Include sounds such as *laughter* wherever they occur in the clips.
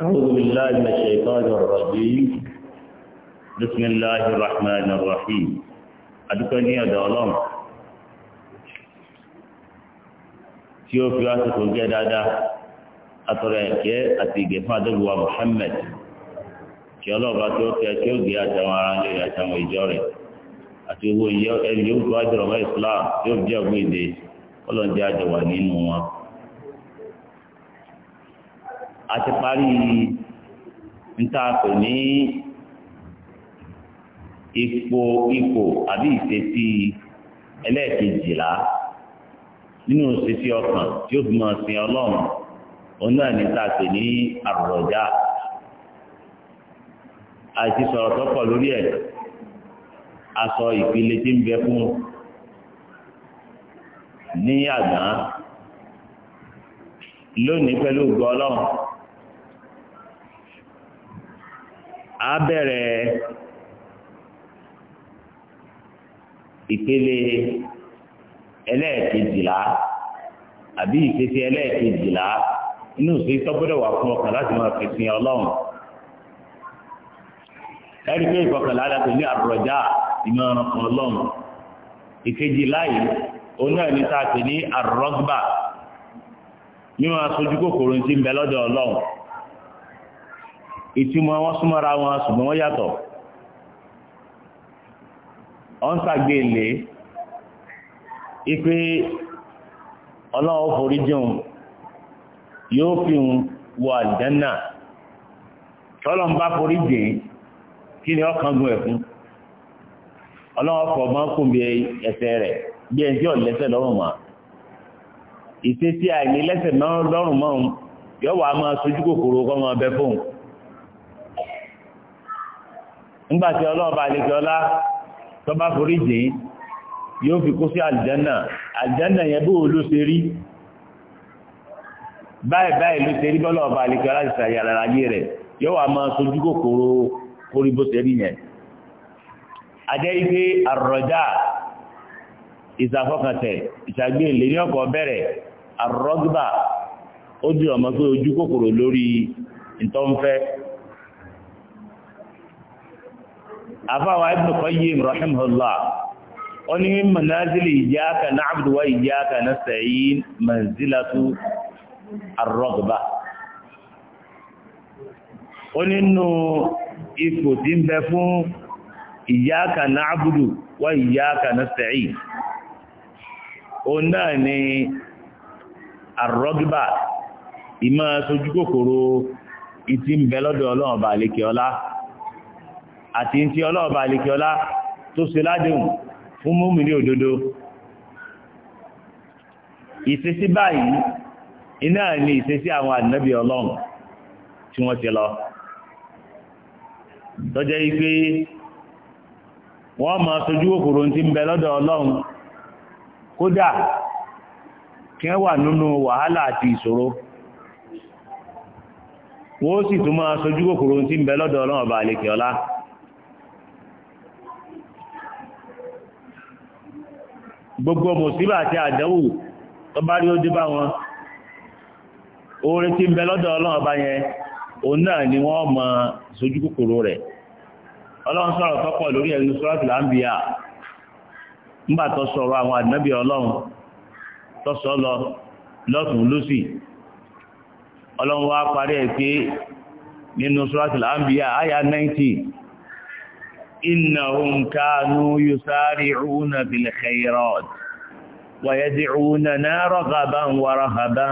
أعوذ بالله من الشيطان الرجيم بسم الله الرحمن الرحيم أدكني يا دولام tí ó fi àsìkò jẹ́ dáadáa atọrọ ẹ̀kẹ́ àti ìgẹ̀fún adébùwà Muhammad kí ọlọ́ọ̀bá tó kẹ́ kí ó gé àtàwọn ará lè àtàwọn ìjọ rẹ̀ àti owó ẹni yóò tó àjọrọ̀ mọ́ Islam yóò jẹ́ ògbó ìdè kọ́lọ́ọ̀dé àjọwà nínú wọn a ti parí ntaàpè ní ipò ipò àbí ìṣesí ẹlẹ́ẹ̀kejìlá nínú ìṣesí ọkàn tí ó fi máa sin ọlọ́run òun náà ní ntaàpè ní àròjà àti sọ̀rọ̀ tó lórí ẹ̀ aṣọ ìpele tí ń bẹ fún ní àgbà lónìí pẹ̀lú gbọ́ ọlọ́run. a bẹ̀rẹ̀ ìpele ẹlẹ́ẹ̀kejìlá àbí ìfèsì ẹlẹ́ẹ̀kejìlá inú sí tọ́gbọ́dọ̀ wà fún ọkàn láti máa fi sin ọlọ́run pé ìfọkànlá ní àbùrọ̀já ọlọ́run ìkejìlá yìí òun náà ní sáà ní àrọ́gbà mímọ́ aṣojú kòkòrò ti ń bẹ lọ́dọ̀ ọlọ́run ìtumọ̀ wọn súnmọ́ra wọn ṣùgbọ́n wọ́n yàtọ̀ ọ́n sàgbé ilé ipe ọlọ́wọ́ forí jẹun yóò fi ń wọ àlìjánà tọ́lọ̀ ń bá forí jẹ kí ni ọkàn gun ẹ̀kún ọlọ́wọ́ fọ̀ máa ń bí ẹsẹ̀ rẹ̀ bí ẹni lẹ́sẹ̀ lọ́rùn mọ́ ìṣesí àìní lẹ́sẹ̀ lọ́rùn mọ́ nígbàtí ọlọ́ọ̀bà àlejọ́lá tó bá forí jìn yóò fi kó sí àlìjánà àlìjánà yẹn bó ló ṣe rí báyìí báyìí ló ṣe rí bọ́lọ́ọ̀bà àlejọ́lá ti sàyà àlàyé rẹ̀ yóò wà máa sojú kòkòrò kórí bó ṣe rí yẹn ajẹ́ ike àrọ̀já ìsàfọkàntẹ̀ ìṣàgbé ìlé ní ọkọ̀ bẹ̀rẹ̀ àrọ́gbà ó di ọmọ pé ojú kòkòrò lórí ìtọ́nfẹ́ afáwà Ibn Qayyim rahimahullah ó ní manazili iyyaka na'budu wa iyyaka nasta'in manzilatu ar-raghba ó nínú ipò tí ń bẹ fún iyyaka na'budu wa iyyaka nasta'in ó náà ni ar-raghba ìmọ̀ sojú kòkòrò ìtí ń bẹ lọ́dọ̀ ọlọ́run bá lékè ọlá àti tí ọlọ́ọ̀bà àlekíọlá tó ṣe ládéhùn fún múmìnì òdodo ìṣesí báyìí iná ní ìṣesí àwọn ànábì ọlọ́run tí wọ́n ti lọ tọ́jẹ́ ipé wọ́n máa sojú òkúrò tí ń bẹ lọ́dọ̀ ọlọ́run kódà kí wọ́n wà nínú wàhálà àti ìṣòro wọ́n sì tún máa sojú òkúrò tí ń gbogbo mùsíbà àti àdánwò tó bá rí ó dé bá wọn oore tí ń bẹ lọ́dọ̀ ọlọ́run ọba yẹn òun náà ni wọ́n mọ sojú kòkòrò rẹ̀ ọlọ́run sọ̀rọ̀ tọ́pọ̀ lórí ẹ̀yìn sọ́rọ̀tì láńbíyà nígbà tó sọ̀rọ̀ àwọn إنهم كانوا يسارعون بالخيرات ويدعوننا رغبا ورهبا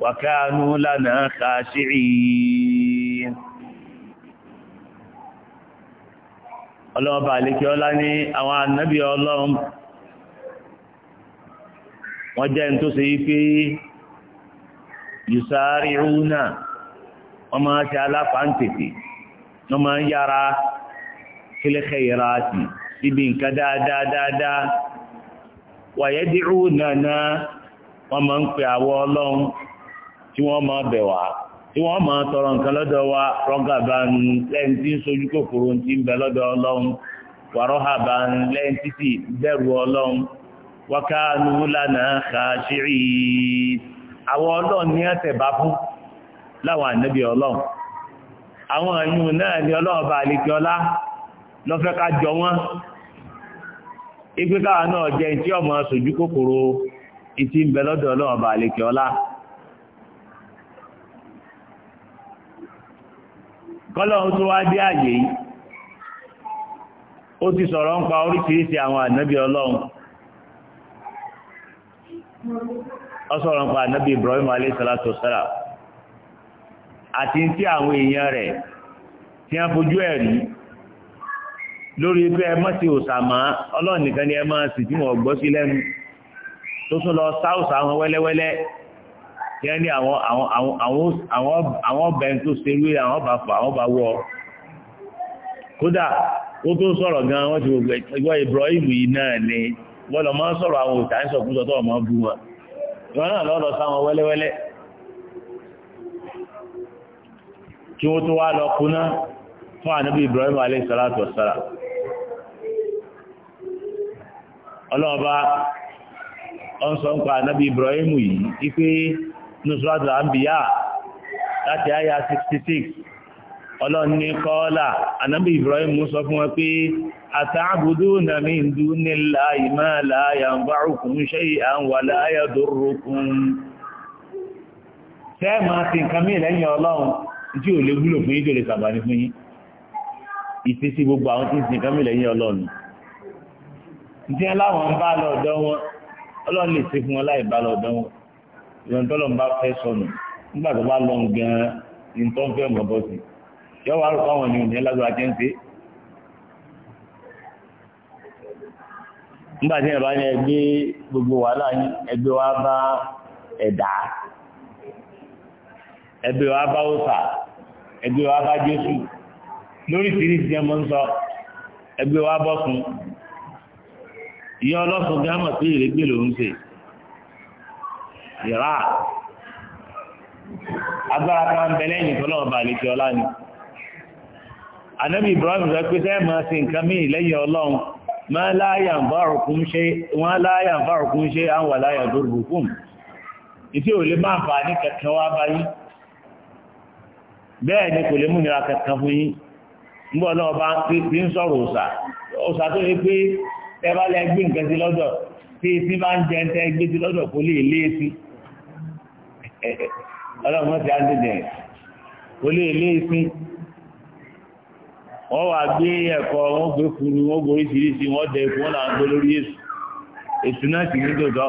وكانوا لنا خاشعين ọlọ́ọ̀bà àlékẹ́ ọlá ní àwọn ànábì ọlọ́run wọ́n jẹ́ tó ṣe yí pé yùsáàrí rúnà wọ́n máa ṣe alápàá ń tètè wọ́n máa ń yára fílẹ́kẹ́ ìra àti ibi nǹkan dáadáa dáadáa wàyẹ́ dírú nànà wọ́n máa ń pè àwọ ọlọ́run tí wọ́n máa bẹ̀ wá tí wọ́n máa tọrọ nǹkan lọ́dọ̀ wa rọ́gàbà ń lẹ́yìn tí ń sojú kòkòrò ti ń bẹ lọ́dọ̀ ọlọ́run wàrọ́hàbà ń lẹ́yìn títì bẹ̀rù ọlọ́run wákàánú lánàá kàṣírí àwọn ọlọ́run ní àtẹ̀bá fún láwọn ànábì ọlọ́run àwọn ẹ̀yìn náà ni ọlọ́run bá àlekí ọlá lọ́fẹ́ ká jọ wọ́n ìgbékáwà náà jẹ́ tí ọmọ sojú kòkòrò ìtí ń bẹ lọ́dọ̀ ọlọ́run bá lè kíọ́lá kọ́lọ́run tó wá dé àyè yìí ó ti sọ̀rọ̀ ń pa oríṣiríṣi àwọn ànábì ọlọ́run ó sọ̀rọ̀ ń pa ànábì Ibrahim alayhi salatu wassalam àti tí àwọn èèyàn rẹ̀ tí wọ́n fojú ẹ̀ lórí pé ẹ mọ́ sí òsàmọ́ ọlọ́run nìkan ni ẹ máa sì tí wọ́n gbọ́ sí lẹ́nu tó tún lọ sáùsà àwọn wẹ́lẹ́wẹ́lẹ́ kí wọ́n ní àwọn àwọn ọbẹ̀ tó ṣerú àwọn bá fà àwọn bá wọ́ kódà ó tó sọ̀rọ̀ gan wọ́n ti gbogbo ẹgbẹ́ Ibrahim yìí náà ni wọ́n lọ máa ń sọ̀rọ̀ àwọn òtà ń sọ̀kúsọ tó ọmọ bú wọn ìwọ́n náà lọ́ọ́ lọ sáwọn wẹ́lẹ́wẹ́lẹ́ kí wọ́n tó wá lọ kúná fún ànábì Ibrahim alayhi salatu wassalam ọlọ́ọ̀bá ọ̀sọ̀nkọ̀ ànábì ibrahimu yìí ipé nusratu ambiya láti àyà 66 ọlọ́ni kọ́ọ́lá ànábì ibrahimu sọ fún wọn pé ata'buduna min dunillahi ma la yanfa'ukum shay'an wa la yadurrukum tẹ́ máa ti nǹkan mí lẹ́yìn ọlọ́run tí ò lè wúlò fún yín tó fún yín ìfẹ́sí gbogbo àwọn tí ń sin nǹkan mí lẹ́yìn ọlọ́run ìdíyẹn láwọn ń bá lọ ọ̀dọ̀ wọn ọlọ́run lè ṣe fún wọn láì bá lọ ọ̀dọ̀ wọn ìrọ̀n tọ́lọ̀ ń bá fẹ́ sọnù nígbà tó bá lọ gan-an ní tó ń fẹ́ mọ̀ bọ́ sí yọ wá rò fáwọn ènìyàn ní lágbára jẹ́ ń ṣe. nígbà tí ìrọ̀lá yẹn gbé gbogbo wàhálà yín ẹgbẹ́ wa bá ẹ̀dá ẹgbẹ́ wa bá òòṣà ẹgbẹ́ wa bá Jésù lórí ìsirí ìsinyẹ́ ń sọ ẹgbẹ́ wa bọ́ fún ìyá ọlọ́sùn gámà pé ìrégbè lòún ṣe ìrà agbára kan bẹ lẹ́yìn tọ́lọ́wọ́ balẹ̀kẹ́ ọlá ni anabi ibrahim sọ pé sẹ́yìn máa nǹkan mí lẹ́yìn ọlọ́run máa láàyà ń bá òkun ṣe wọ́n láàyà ń bá òkun ṣe àwọn aláyà dórùbù fún ìtí ò lè máa fà ní kankan wá báyìí bẹ́ẹ̀ ni kò lè kankan fún yín tẹ́bá lẹ gbé nǹkan sí lọ́dọ̀ tí tí bá ń jẹ tẹ́ gbé sí lọ́dọ̀ kò lè lé sí ọlọ́run ti á dìde kò lè lé sí wọ́n wà gbé ẹ̀kọ́ wọ́n gbé furu wọ́n gbé oríṣiríṣi wọ́n dẹ ikú wọn là gbé lórí èṣù èṣù náà sì ní dòdò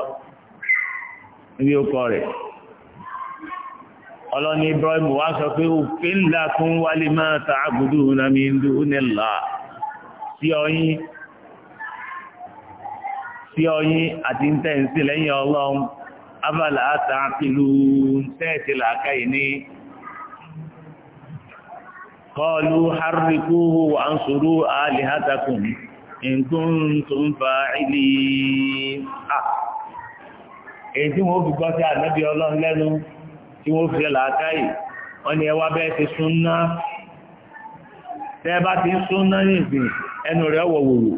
níbi ọkọ rẹ̀ ọlọ́ni Ibrahim wá sọ pé òfin ńlá kún wálé máa ta àgùdù nàmí ndú nílà sí ọyìn sí ọyín àti ń tẹ́ ń sí lẹ́yìn ọlọ́run abala àtàkìlú tẹ́ẹ̀tì làákàyè ní kọlu harrikuhu wa ansuru alihatakum in kuntum ilé à èyí tí wọ́n fi gbọ́ sí ọlọ́run lẹ́nu tí wọ́n fi wọ́n ni ẹwà bẹ́ẹ̀ ti súnná tẹ́ẹ̀ bá ti súnná ẹnu rẹ̀ wọ̀wọ̀wọ̀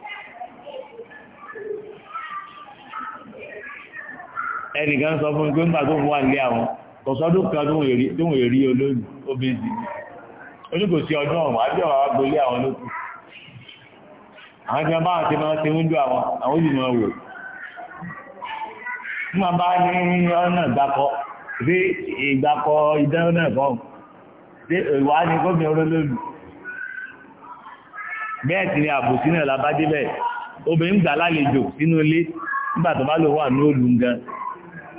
ẹnìkan sọ fún mi pé nígbà tó ń wà nílé àwọn kò sọdún kan tó ń rí olóyìn obìnrin oníkòsí ọdún ọ̀hún àbí ọ̀rọ̀ agbolé àwọn lókù àwọn tí wọ́n bá ti máa ti ń dún àwọn àwọn òbí máa wò nígbà bá ní ọ̀nà ìgbàkọ sí ìgbàkọ ìdán náà fọ́ọ̀mù sí ìwà ni gómìnà olólùmí bẹ́ẹ̀ ti ní àbòsí náà labádébẹ̀ obìnrin gbà lálejò sínú ilé nígbà tó bá lò wà ní òlù gan-an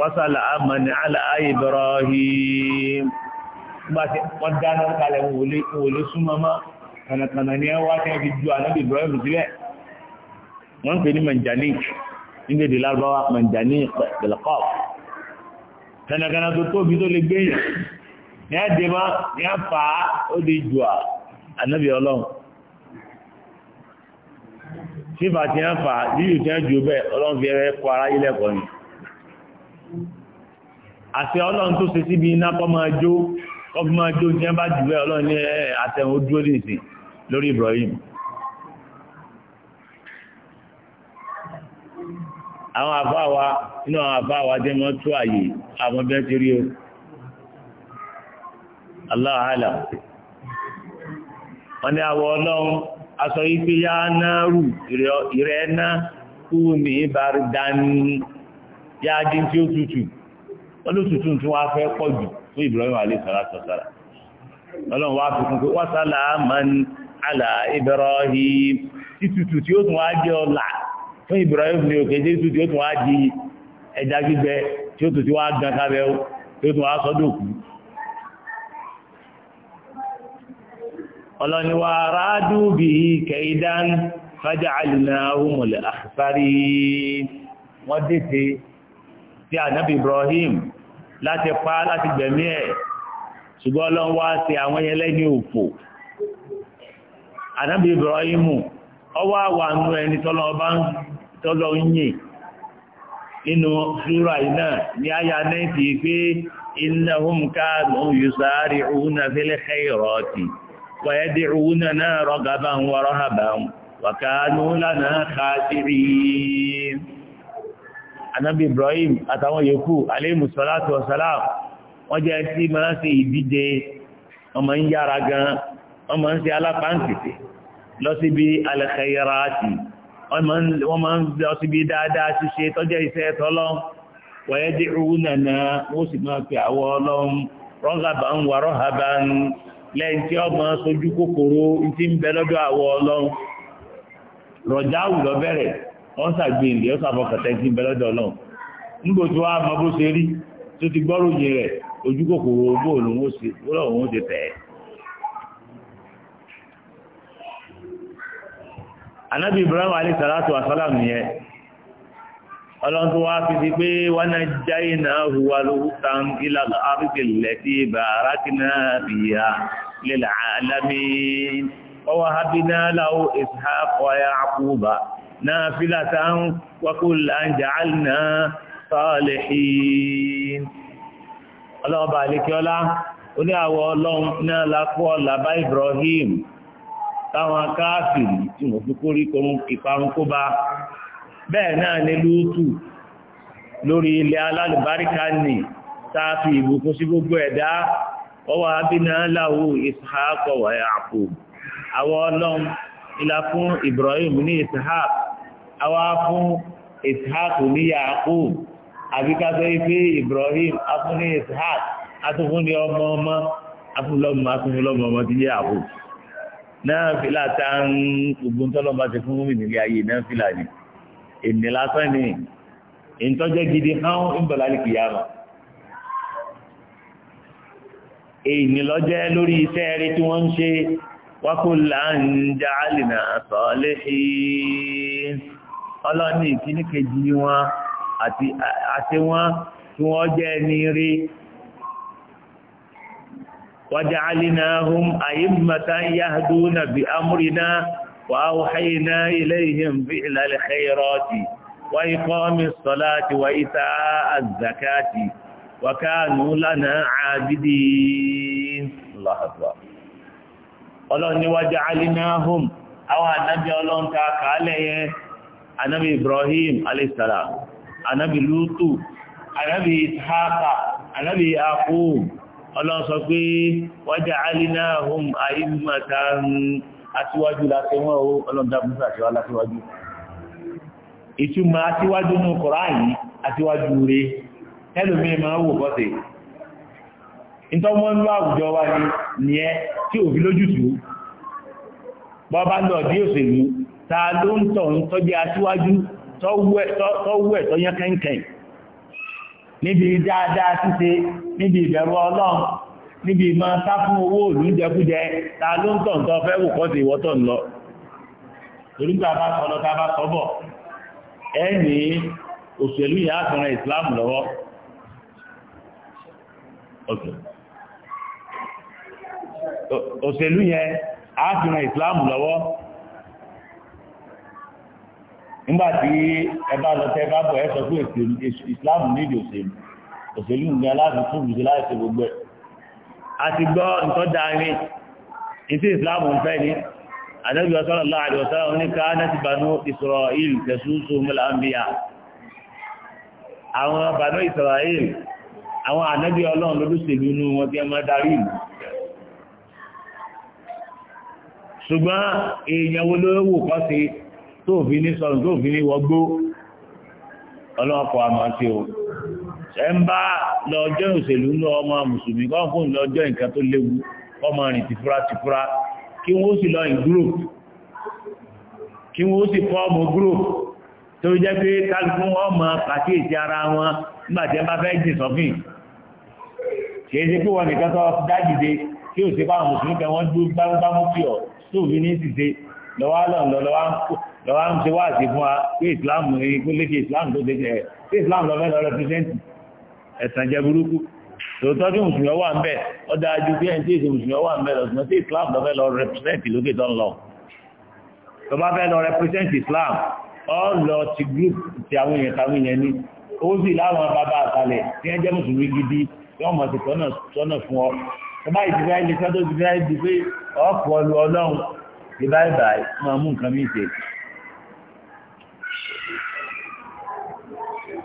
wásàlà àmàni aláàyè Ibrahim wọ́n dáná kalẹ̀ wòlé súnmọ́mọ́ kànàkànà ní ẹwà tí wọ́n fi ju ànábì Ibrahim sílẹ̀ wọ́n ń pè ní manjanik nígbè dè lárúbáwá manjanik pẹ̀lẹ́kọ́ kànàkànà tó tóbi tó lè gbé yàn ní àdèmá ní àfà ó lè ju ànábì ọlọ́run sífà tí wọ́n fà yíyù tí wọ́n ju bẹ́ẹ̀ ọlọ́run fi ẹrẹ́ kọ ara yílẹ̀ kọ́ yìí. àti ọlọ́run tó ṣe síbi iná kọ́ máa jó kọ́ fi máa jó jẹ́ bá jù ọlọ́run ní àtẹ̀wọ̀n Ibrahim àwọn àfáàwá inú àwọn àfáàwá jẹ́ mọ́ tó àwọn bẹ́ẹ̀ ti rí o Allahu wọ́n ní àwọ̀ ọlọ́run náà rù yá dín tí ó tutù wọ́n ló tutù tí wọ́n á fẹ́ pọ̀ jù fún Ibrahim alayhi salatu wasala ọlọ́run wá fi kún pé wọ́n sálà man ala Ibrahim tí tutù tí ó tún wá jẹ́ ọ̀la fún Ibrahim ní òkè tí tutù ó tún wá di ẹja gbígbẹ tí ó tutù wá gan kábẹ́ tí ó tún wá sọ́dọ̀ ọlọ́ni wa ráádù bí i kẹ̀ídán fájá àlùmọ́ ahùnmọ̀lẹ̀ àfárí wọ́n dètè sí ànábì Ibrahim láti pa láti gbẹ̀mí ẹ̀ ṣùgbọ́n Ọlọ́run wá sí àwọn òfò Ibrahim ọwọ́ àwọn ẹni tọ́lọ́ yìn nínú ṣúra iná ní àyà 90 pé innahum kanu yusari'una fil khayrati wa yad'unana ragaban wa rahaban wa anábì Ibrahim àtàwọn yòókù alayhimu salatu wa salam wọ́n jẹ́ tí máa ń ṣe ìdíje ọmọ ń yára gan ọmọ ń ṣe alápáǹtìtì lọ síbi al-khayrati wọ́n máa ń lọ síbi dáadáa ṣíṣe tọ́jẹ́ iṣẹ́ tọ́lọ́ wọ́yẹ́ dé owó bẹ̀rẹ̀ wọ́n sàgbé ìdí ó sàfọkàtẹ́ sí bẹ́lọ́dọ̀ náà nígbò tí wàá mọ bó ṣe rí tó ti gbọ́rò yìí rẹ̀ ojú kòkòrò owó òun ó ṣe wúlọ̀ tẹ̀ ẹ́. anabi ibrahim alayhi salatu wa salam ọlọ́run tó wá fi si pé wọ́n náà já iná huwa lóhùn tán ilà áfíríkì lẹ́tí bàrákìnà bìyà lílà alámi ọwọ́ habinà láwọ ìsáàkọ̀ yà á kú bá. نافلة وكلا جعلنا صالحين ọlọ́ọ̀bà àlékiọ́lá ó ní àwọ̀ ọlọ́run náà lápò ọ̀là bá Ibrahim táwọn káàfìrí tí mo fi kórí ìparun kó bá bẹ́ẹ̀ náà ní lúútù lórí ilẹ̀ alálùbáríkà ní tààfi ìbùkún sí gbogbo ẹ̀dá ọwọ́ abínà láwù Ishaq wa ọlọ́run ìlà fún Ibrahim ní Ishaq àwa fún ishaq ní yakub àbí ká sọ pé ibrahim afún ní ishaq atúfún ní ọmọ ọmọ afúnlọ́mọ afúnlọ́mọ ọmọ ti yé yakub náà fìlà tá ń gbogbo ntọ́lọ́mọ ti fún mi nílé ayé náà fìlà ni èmi lásán ni ìtọ́jẹ́ gidi hàn ń bọ̀ lálẹ́ kìyàmà èyí lọ́jẹ́ lórí iṣẹ́ rí tí wọ́n ń ṣe wákò láàájá alìnà sọ́ọ́lẹ́ ọlọ́ni ìkíní kejì wọn àti wọn tí wọ́n jẹ́ ẹni rí وجعلناهم أئمة يهدون بأمرنا وأوحينا إليهم فعل الخيرات وإقام الصلاة وإيتاء الزكاة وكانوا لنا عابدين الله أكبر ọlọ́run ni wọ́n jẹ́ alínáhùn àwọn ànábí ọlọ́run ta kàálẹ̀ yẹn anabi ibrahim alayhisalam anabi lutu anabi ishaqa anabi yaqub ọlọ́run sọ pé wájà alina hum àyímọ̀ta aṣíwájú láti wọ́n o ọlọ́run dá musa àṣíwá láṣíwájú ìtumọ̀ aṣíwájú ní kọ̀ráyìí aṣíwájú rẹ̀ ẹlòmí máa wò bọ́sẹ̀ ìtọ́wọ́n ń lọ àwùjọ wa ni ẹ tí òfin lójútùú bọ́ lọ bí ta ló ń tọ̀ ń tọ́jẹ́ aṣíwájú tọ́wẹ́ tọ́yẹ́ kẹ́ǹkẹ́ǹ níbi dáadáa ṣíṣe níbi ìbẹ̀rù ọlọ́run níbi ìmọ̀ sáfún owó òlú jẹkújẹ ta ló ń tọ̀ ń tọ́ fẹ́ wò kọ́ sí ìwọ́tọ̀ ń lọ torígbà bá sọ́lọ́ tá bá sọ́bọ̀ ẹ ní òṣèlú yà àtàrà ìsìláàmù lọ́wọ́ òṣèlú yẹn àtàrà ìsìláàmù lọ́wọ́ nígbàtí ẹbá lọ́tẹ́ bá bọ̀ ẹ́ sọ pé islam nídìí òṣèlú òṣèlú nǹkan láti tún bùsí láti gbogbo ẹ̀ a ti gbọ́ nǹkan dáre ìtí islam ń fẹ́ ní ànábì sallallahu alaihi wasallam ní kanat banu isra'il tasusuhumul anbiya àwọn banu isra'il àwọn ànábì ọlọ́run lólùsèlú inú wọn tí tó fi ní sọ̀rọ̀ tó fi ní wọgbó ọlọ́pọ̀ àmọ́ o ẹ ń bá lọ́jọ́ òṣèlú ní ọmọ mùsùlùmí kọ́ fún lọ́jọ́ nǹkan tó léwu ọmọ rìn tìfura tìfura kí wọ́n sì lọ in group kí wọ́n sì fọ́ọ̀mù group tó jẹ́ pé ara wọn nígbà tí ẹ bá fẹ́ ọ tó fi lọ́wọ́ ń ṣe wáàsí fún wa pé islam ní kó léṣe islam tó déjẹ ẹ̀ pé islam lọ fẹ́ lọ rẹpírẹ́sẹ̀ntì ẹ̀sàn jẹ burúkú tòótọ́ tí mùsùlùmí ọwà ń bẹ̀ ọ dájú bí ẹni tí èsì mùsùlùmí ọwà ń bẹ̀ lọ́sùn tí islam lọ fẹ́ lọ rẹpírẹ́sẹ̀ntì lókè tó ń lọ tó bá fẹ́ lọ islam ọ lọ ti group ti àwọn èèyàn táwọn èèyàn ní ó sì láwọn bàbá àtàlẹ̀ tí ẹjẹ́ mùsùlùmí gidi tí wọ́n mọ̀ sí tọ́nà fún ọ tó bá ìdíbà ilé sọ́dọ̀ máa mú nǹkan mí ṣe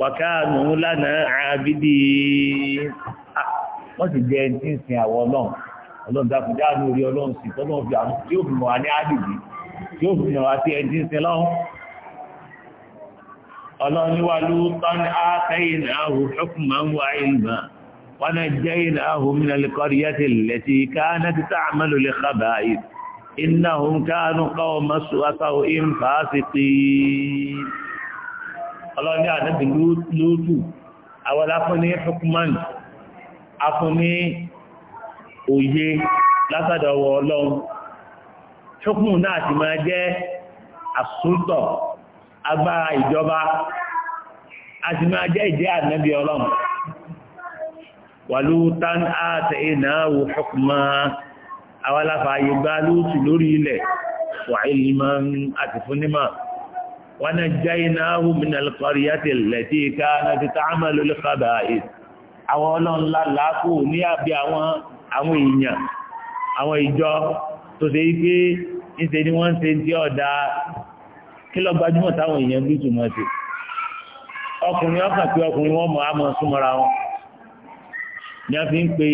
wàkáànù lánàá àbídí wọ́n sì jẹ́ ẹni tí ń sin àwọn ọlọ́run ọlọ́run dákun dáàánú orí ọlọ́run sì tọ́lọ́ fi àwọn tí ó fi mọ̀ wá ní àdìdì tí ó fi mọ̀ wá sí ẹni tí ń sin lọ́hún ọlọ́run wà ló tán ákẹ́yìn ààrùn ṣọ́kùnmá ń wá ìlmà wọn jẹ́ ìlàhùn mi lálẹ́ kọ́rí yẹ́tì lẹ́tì káná ti tá àmàlò lè kábà ìnáhùn káánú káwọn mọ́sùwátà ọlọ́ni ànábì lóòtù àwọn afún ní hukman afún ní òye látàdọ̀wọ̀ ọlọ́run hukman náà ti máa jẹ́ àsúntọ̀ agbára ìjọba a ti máa jẹ́ ìjẹ́ ànábì ọlọ́run wàlúùtán àti ìnáwó hukman àwọn aláfààyè gbá lóòtù lórí ilẹ̀ wà ìlú máa ń àti nímọ̀ ونجيناه من القرية التي كانت تعمل الخبائث àwọn ọlọ́run lálàá kò ní àbí àwọn àwọn èèyàn àwọn ìjọ tó ṣe yí pé níṣe ni wọ́n ń ṣe tí ọ̀dà kí lọ gbajúmọ̀ táwọn èèyàn bí túmọ̀ sí ọkùnrin ọkàn pé ọkùnrin wọn mọ̀ á mọ̀ súnmọ́ra wọn ni a fi ń pe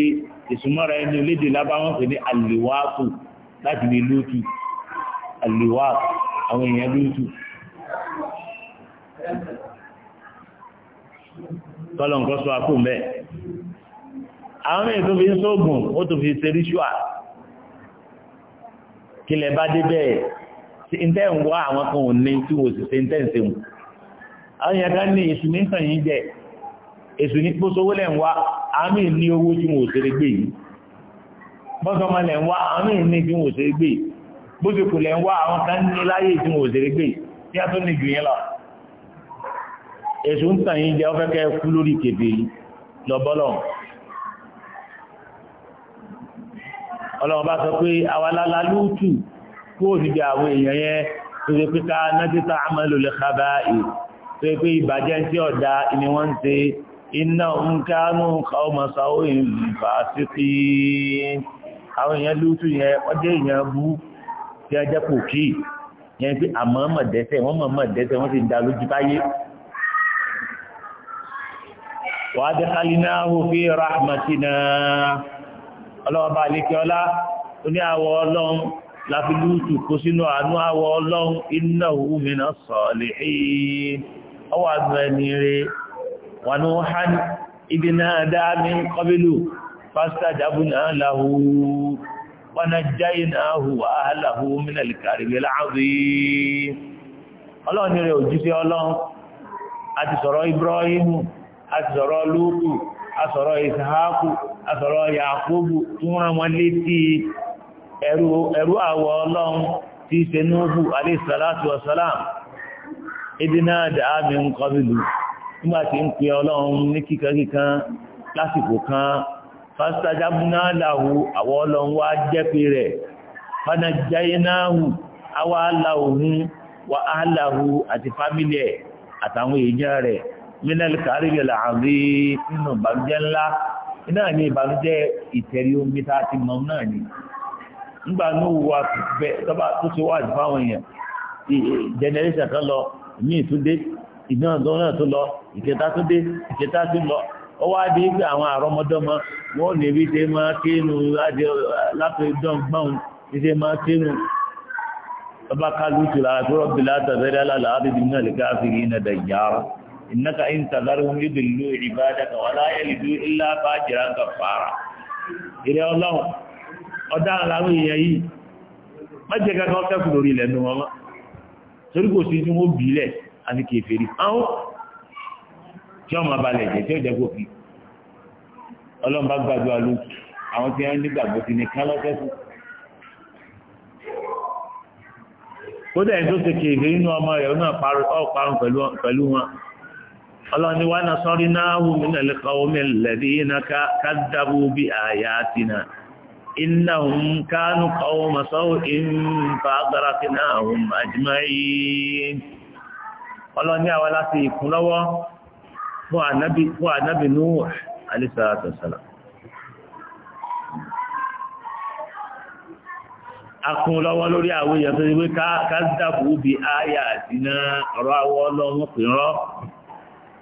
ìsúnmọ́ra ẹni olédè lábáwọn pè ní àlèwàákù láti lè lótù àlèwàákù àwọn èèyàn lótù tọ́lọ̀nkọ́ sọ akú mẹ́ àwọn mẹ́rin tó fi ń sóògùn ó tó fi ṣe ríṣùà kí lẹ bá dé bẹ́ẹ̀ tí ń tẹ́ ń wá àwọn kan ò ní tí wò sì ṣe ń tẹ́ ń ṣe wọn àwọn èèyàn kan ní èṣù ní sàn yín jẹ èṣù ní pósówó lẹ̀ ń wá àwọn mẹ́rin ní owó tí wọn ò ṣe lè gbé yìí bọ́sọ̀mọ lẹ̀ ń wá àwọn mẹ́rin ní tí wọn ò ṣe lè gbé yìí bó ti kù lẹ̀ ń wá àwọn kan ní láyé tí wọn ò ṣe lè gbé yìí tí a tó ní jù yẹn lọ èṣù ń tàn yín jẹ ọ fẹ́ kẹ́ ẹ kú lórí kèfèrí lọ́bọ́lọ́ ọlọ́run bá sọ pé àwa lálá lóòtù kúrò níbi àwọn èèyàn yẹn tó ṣe pé ká nájútà àmàlò lè kábà ì tó ṣe pé ìbàjẹ́ tí ọ̀dà ni wọ́n ń ṣe iná nkánú kàómọ̀sáwó ìfàṣíkì àwọn èèyàn lóòtù yẹn ọjọ́ èèyàn bú tí a jẹ́ pòkì yẹn pé àmọ́ mọ̀ dẹ́ṣẹ̀ wọ́n mọ̀ mọ̀ dẹ́ṣẹ̀ wọ́n sì ń da lójú báyé wà á dẹ́kálínà fi rahmatina ọlọ́ọ̀bá alékeọlá tó ní àwọ̀ ọlọ́run láfi lúùtù kó sínú àánú àwọ̀ ọlọ́run innahu mina salihin ọwà gbẹ̀nire wa Nuhan idh nada min qablu fastajabna a ti sọ̀rọ̀ Ibrahim asọ̀rọ̀ lóòkù asọ̀rọ̀ ìsáàkù asọ̀rọ̀ yàkóbù tún rán wọn létí ẹ̀rú àwọ̀ ọlọ́run tí ṣe núhù aléṣàlátù ọ̀sálàm ìdínà dàámi ń kọbìlù nígbàtí ń pè ọlọ́run ní kíkankíkan lásìkò kan fásitàjábúná làwù àwọ̀ ọlọ́run wá jẹ́pẹ̀ rẹ̀ àtàwọn èèyàn rẹ̀ minal karibi làbí nínú ìbànújẹ́ ńlá iná ní ìbànújẹ́ ìtẹ̀rí omi tá a ti mọ̀ náà ni nígbà náà wà bẹ tọ́ba tó ti wà fáwọn èèyàn jẹnẹrẹsà kan lọ ní ìtúndé ìdán tó náà tó lọ ìkẹta tó dé ìkẹta tó lọ ó wá di pé àwọn àrọmọdọ́mọ wọn ò ní bí ṣe máa kéénu láti dọ́gbọ́n bí ṣe máa kéénu ọba kálukú lára tó rọ́bì látàbẹ́rẹ́ alálàá àbíbí náà lè káfíìrì náà dàgbà innaka in tazarhum yudillu ibadaka wala yalidu illa fajiran kafara ilé ọlọ́run ọ̀daràn làwọn èèyàn yìí mẹ́jẹ̀ kankan sẹ́kù lórí ilẹ̀ nù wọn torí kò sí tí wọ́n bì í lẹ̀ àti kèfèrí àwọn tí ọmọ balẹ̀ jẹ́ tí ó jẹ́ gòkè ọlọ́run bá gbàdúrà lókè àwọn tí wọ́n nígbàgbọ́ sí ni kán lọ́sẹ̀kù kódà ẹni tó ṣe kèfèrí nínú ọmọ rẹ̀ ó parun pẹ̀lú wọn ọlọ́ni wá na sọ́rí náà wù mí nà lẹ́kọ̀ omi lẹ́dí iná kádàbù bí àyà ti nà iná hùn kánú kọ́wọ́ masọ́wọ́ ìmpa agbára ti náà hùn àjùmá yìí ọlọ́ni àwa láti ìkún lọ́wọ́ fún ànábì Nuhu alẹ́sàrátọ̀ sálà akun lọ́wọ́ lórí àwọn èèyàn tó ti wé kádàbù bí àyà ti nà ọ̀rọ̀ àwọn ọlọ́run pè rọ́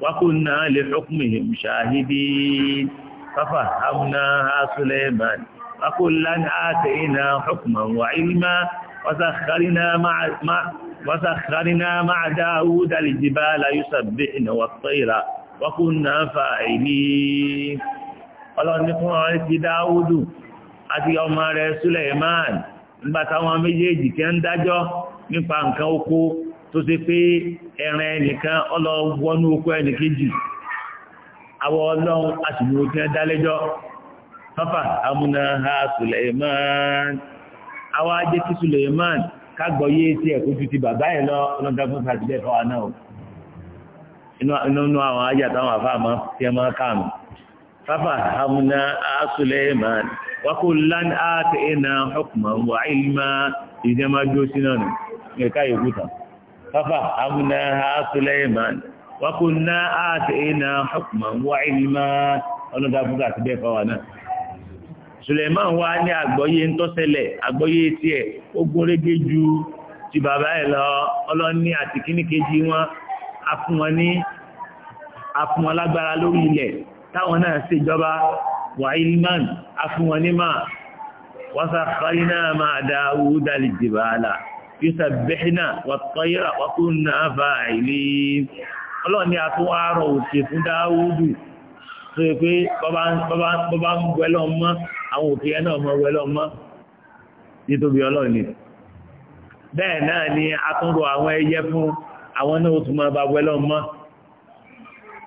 وكنا لحكمهم شاهدين ففهمناها سليمان وكلا آتينا حكما وعلما وسخرنا مع, مع وسخرنا مع داود الجبال يسبحن والطير وكنا فاعلين ọlọ́run ní fún ọ̀rẹ́ ti dáúdù àti ọmọ rẹ̀ Suleiman nígbà táwọn méjèèjì kẹ́ ń dájọ́ nípa nǹkan oko tó ṣe pé ẹran ẹnìkan ọlọ wọnú ẹnìkejì àwọ ọlọ́run aṣùgbọ́n tí wọ́n dálẹ́jọ́ fáfà amúná ha Suleiman àwọn ajé tí Suleiman kágbọ́ yé tí ju ti bàbá ẹ̀ lọ ọlọ́dà fún fàtìlẹ̀ fọwọ́ náà inú àwọn ajé àtàwọn tí ẹ máa kàánù ha Suleiman àti wà ìlú máa fafa amúnà ha Suleiman wakunna àti iná hukman wa ilma ọlọ́dà fúnkà àti bẹ́ẹ̀ fáwọn náà Suleiman wa ní àgbọ́yé ń tọ́sẹ̀lẹ̀ àgbọ́yé tiẹ̀ ó gúnrégé ju ti bàbá ẹ̀ lọ ọlọ́ní àti kíníkejì wọn afún ní afún lágbára lórí ilẹ̀ táwọn náà sì jọba ilman afún ní máa wọ́n sàkárí náà máa dá owó dálì jìbàálà yusabbihna wat-tayra wa kunna fa'ilin ọlọ́ni àtúwárọ̀ òkè fún dáwúdù tó yẹ pé bọ́bá ń wẹ́lọ́ mọ́ àwọn òkè ẹ̀ náà mọ́ wẹ́lọ́ mọ́ nítorí ọlọ́ni bẹ́ẹ̀ náà ni atúnrò àwọn ẹyẹ fún àwọn náà ó tún máa bá wẹ́lọ́ mọ́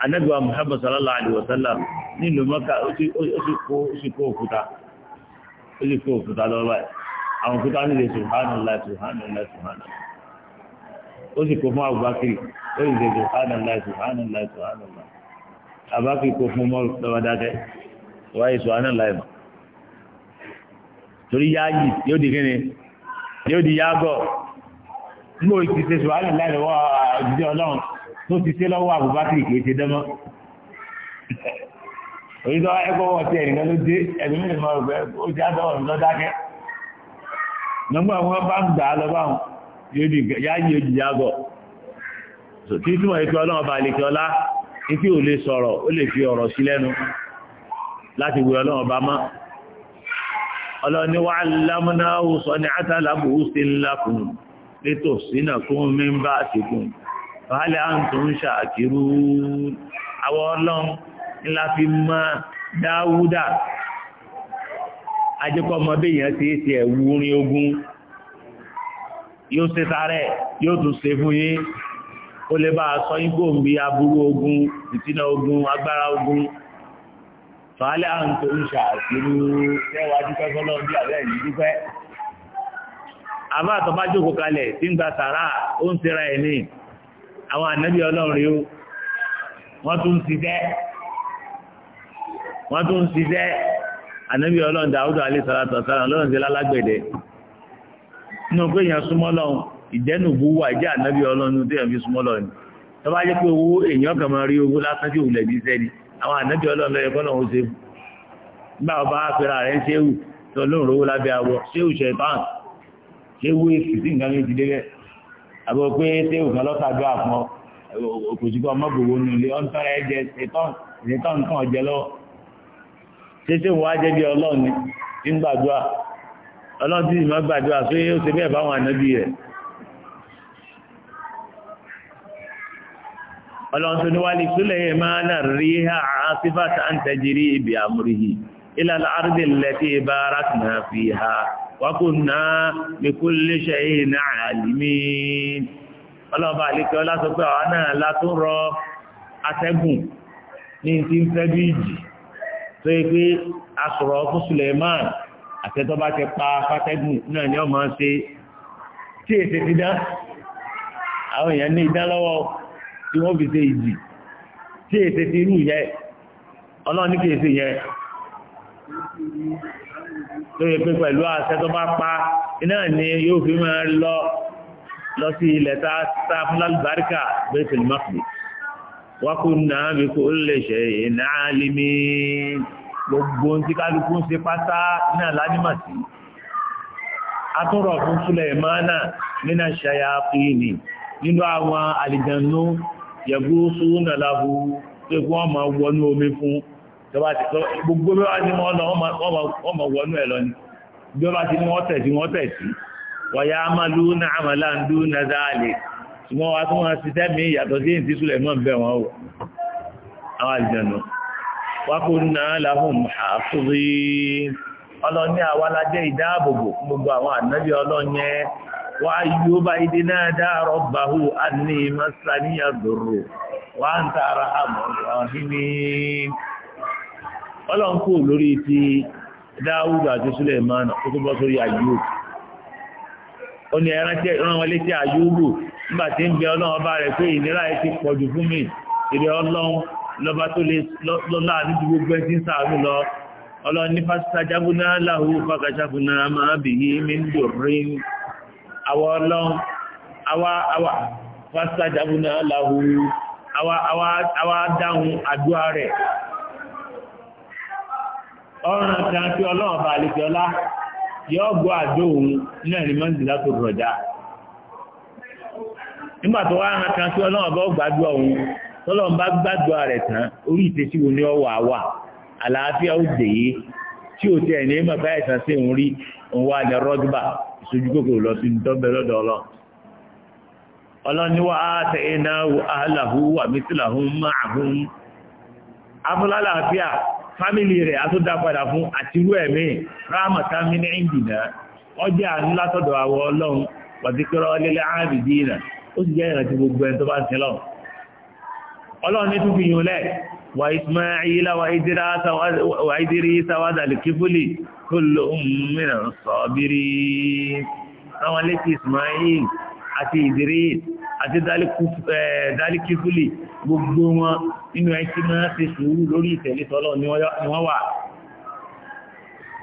anẹ́gbẹ̀wà Muhammad sallallahu alaihi wasallam nílùú Mọ́kà ó sì kó òkúta lọ́wọ́ báyìí àwọn òkúta nílé subhanallah subhanallah subhanallah ó sì kó fún abubakar ó sì lè subhanallah subhanallah subhanallah abubakar kó fún mọ́rù lọ́wọ́ dákẹ́ wáyé subhanallah ẹ̀ torí yáàyì yóò di kíni yóò di yáàgọ̀ mo ti ṣe subhanallah lọ́wọ́ òjijì ọlọ́run tó ti ṣe lọ́wọ́ abubakar kì í ṣe dánmọ́ òyìnbó ẹgbẹ́ wọ̀ tí ẹnìkan ló dé ẹ̀mí mi lè máa rò pé ó ti á dọ́wọ́ lọ́dákẹ́ nígbà wọn bá ń gbà á lọ báwọn yáyí ojì yàgọ̀ tí túmọ̀ ìfẹ́ ọlọ́run bá lè kí ọlá ìfẹ́ ò lè sọ̀rọ̀ ó lè fi ọ̀rọ̀ sí lẹ́nu láti wé ọlọ́run bá mọ́ ọlọ́ni wà lámúnáwó sọ ní átàlábù sí ńlákùn létò sínà kún mímbà àtìkùn fàálẹ̀ à ń tún ṣàkírú àwọn ọlọ́run ńlá fi mọ́ dáwúdà ajẹ́kọ́ ọmọ bí èèyàn ti ṣe ẹ̀wù orin ogun yóò ṣe tààrẹ yóò tún ṣe fún yín ó lè bá sọ yín kó aburú ogun ìtinà ogun agbára ogun fàálẹ́ àrùn tó ń ṣàṣírú tẹ́wàá dúpẹ́ fọ́lọ́run bí àbẹ́ ìlú dúpẹ́ àbá àtọ́bá jókòó kalẹ̀ tí ń gba sàrà ó ń tẹ́ra ẹ̀ ní àwọn ànábì ọlọ́run rí ó wọ́n tún ń ṣiṣẹ́ ànábì ọlọ́run Dáúdù alayhi salatu wassalam ọlọ́run ti lálágbẹ̀dẹ nínú pé èèyàn súnmọ́ lọ́run ìjẹ́nùbú wà ìjẹ́ ànábì ọlọ́run tó yàn fi súnmọ́ lọ́run tó bá jẹ́ pé owó èèyàn kan máa rí owó lásán tí òun lẹ̀bí sẹ́ni àwọn ànábì ọlọ́run lọ́yẹ kọ́ lọ́run ṣe gbà ọba apẹ̀rẹ̀ rẹ̀ ń ṣéwù tó lóun rówó lábẹ́ awọ ṣéwù ṣẹ̀tàn ṣéwù èsì sí ṣeṣe wọ́n jẹ́ bí ọlọ́run tí ìmọ̀ gbàdúrà pé ó ṣe bẹ́ẹ̀ báwọn ànábì rẹ̀ ọlọ́run tó níwálé ìtúlẹ̀ yẹn máa ń rí ha àásífàtà ń ibi àmúrihì ilẹ̀ aláàrídì lẹ́tí ibára fi ha wákùnà lèkúlé ṣe àlìmí tó yẹ pé asọ̀rọ̀ fún Suleiman àtẹ́tọ́ bá ti pa pátẹ́gùn náà ni ọmọ ṣe tí èsè ti dá àwọn èèyàn ní idán lọ́wọ́ tí wọ́n fi ṣe ìjì tí èsè ti rú yẹ ọlọ́ọ̀ní kì í yẹ tó yẹ pé pẹ̀lú àṣẹ pa iná ni yóò fi máa lọ lọ sí ilẹ̀ tá a fún lálùbáríkà bẹ́ẹ̀ tẹ̀lé máa fi wákùnà bí kò lè ṣe ìná alimi gbogbo tí kálukú ń ṣe pátá ní àlánìmọ̀ sí atúnrọ̀ fún Sulaimana nínà ṣayafini nínú àwọn àlìjànú yẹ̀gbó súnà láhu tó kí wọ́n máa wọnú omi fún gbogbo bí wọ́n ti wọ́n lọ wọ́n máa wọnú ẹ̀ lọ ni bí wọ́n ti ní wọ́n tẹ̀ sí wọ́n tẹ̀ sí wọ́n yá máa lú náà àmàlà ìmọ̀ wa tó wọn ṣiṣẹ́ mi yàtọ̀ sí èyí tí sùlẹ̀ mọ́ bẹ̀ wọn o àwọn àlùjànnú wa kunna lahum hafizin ọlọ́ni àwa la jẹ́ ìdáàbòbò fún gbogbo àwọn ànábì ọlọ́nyẹ wa ayyuba ìdí náà dá rabbahu anni masaniya durru wa anta arhamur rahimin ó ní ẹrántí rán wọn létí àyúrù nígbà tí ń ọba rẹ̀ pé ìnira ẹ ti pọ̀ fún mi ìrẹ̀ ọlọ́run lọ́ba tó lè lọ́la níbi gbogbo ẹtí ń sàánú lọ ọlọ́run ní fásitàjábúná láhù fàkàṣàfúná máa bì yí mi ń dò àwa ọlọ́run àwa àwa àwa àwa àwa dáhùn yọ́ gbọ́ àjò òun náà ni mọ́ndì látò rọ̀já nígbà tó wá ń kan tí ọlọ́run bá gbàdúrà òun tọ́lọ́run bá gbàdúrà rẹ̀ tán orí ìtẹ́sí wo ni ọwọ́ àwà àlàáfíà ó dè yé tí ò tẹ̀ ní mọ̀ báyìí sàn sí òun rí òun wà ní rọ́gbà ìṣojú kòkòrò lọ sí dọ́bẹ̀ lọ́dọ̀ ọlọ́run ọlọ́ni wá tẹ̀ iná ahàlàhù wà mítìlàhù máàhù afúlálàáfíà fámílì rẹ̀ a tó dá padà fún àtirú ẹ̀mí ráàmàtà mínú ìdìnà ọjà ńlátọ̀dọ̀ àwọ ọlọ́run pàtíkọ́rọ́ lílẹ̀ ààbìdínà ó sì jẹ́ ìrántí gbogbo ẹni tó bá ń sin lọ ọlọ́run ní tún fi yùn lẹ̀ wà ismaila wà idirisa wà dàlìkífúlì tó lo mìíràn sọ́bírí àwọn létí ismail àti idiris àti dàlìkífúlì eh, gbogbo wọn nínú ẹ tí máa ṣe sùúrù lórí ìtẹ̀lé tọ́lọ́ ni wọ́n wà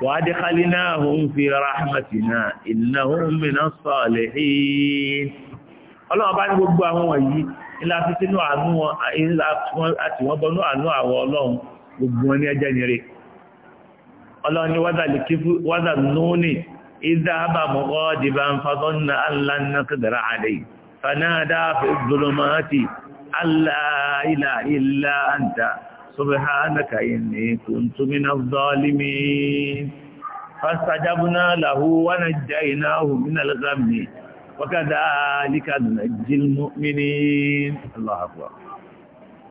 وادخلناهم في رحمتنا إنهم من الصالحين ọlọ́run bá ní gbogbo àwọn wọ̀nyí ilá fi sínú àánú wọn ilá àti wọ́n bọ́nú àánú àwọn ọlọ́run gbogbo wọn ní ẹjẹ́ nire ọlọ́run ni wádà lónìí ìdá àbà mọ́kọ́ dìbà ń fagọ́nà aláǹnà kẹdàrà àdè fanáàdá fi gbọlọmọ́ àti Allah ilaha illa anta subhanaka inni kuntu minaz zalimin fastajabna lahu wa najjaynahu minal ghammi wa kadhalika nunajjil mu'minin Allahu akbar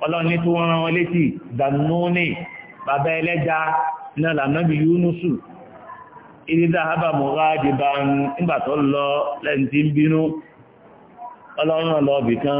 ọlọ́ni tí wọ́n rán wọn létí dànúnì bàbá ẹlẹ́jà náà lànàbí yúnúsù ìdídá àbà mọ̀gáàdì bá ń gbàtọ́ lọ lẹ́ntí ń bínú ọlọ́run lọ bìkan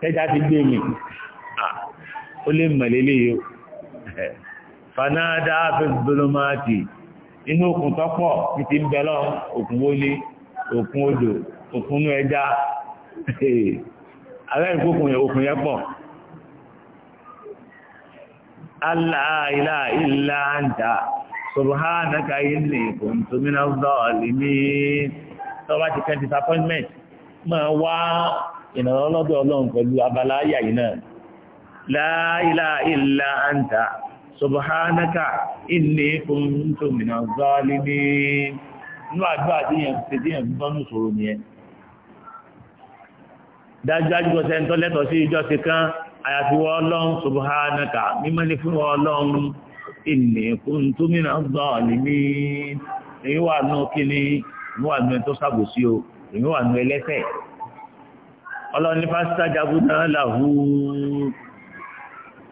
tẹ́já ti gbé mi ó lè mọ̀lélẹ̀ yóò fanáàdá fẹ́sìbọ́lọ́máàtì inú òkun tọ́pọ̀ ní ti ń bẹ̀lọ́ òkun wọlé òkun odò òkun nú ẹja alẹ́rìnkókun òkun yẹ pọ̀ aláìlá ilá ń ta subhanaka inni kuntu minaz zalimin tọ́wá wá ìrànlọ́wọ́ lọ́dọ̀ ọlọ́run pẹ̀lú abala ayà yìí náà la ilaha illa anta subhanaka inni kuntu minaz zalimin inú àjọ àdéhùn tètèyàn gbọ́nù sọ̀rọ̀ nìyẹn dájúdájú ọ̀sẹ̀ ń tọ́lẹ́tọ̀ sí ìjọsìn kan àyàfi wọ́ ọlọ́run subhanaka mímọ́ ni fún wọ́ ọlọ́run inni kuntu minaz zalimin èyí wà nù kíni èyí ẹ tó ṣàbòsí o èyí wà nù ọlọ́run ní pásítà jagun náà làwù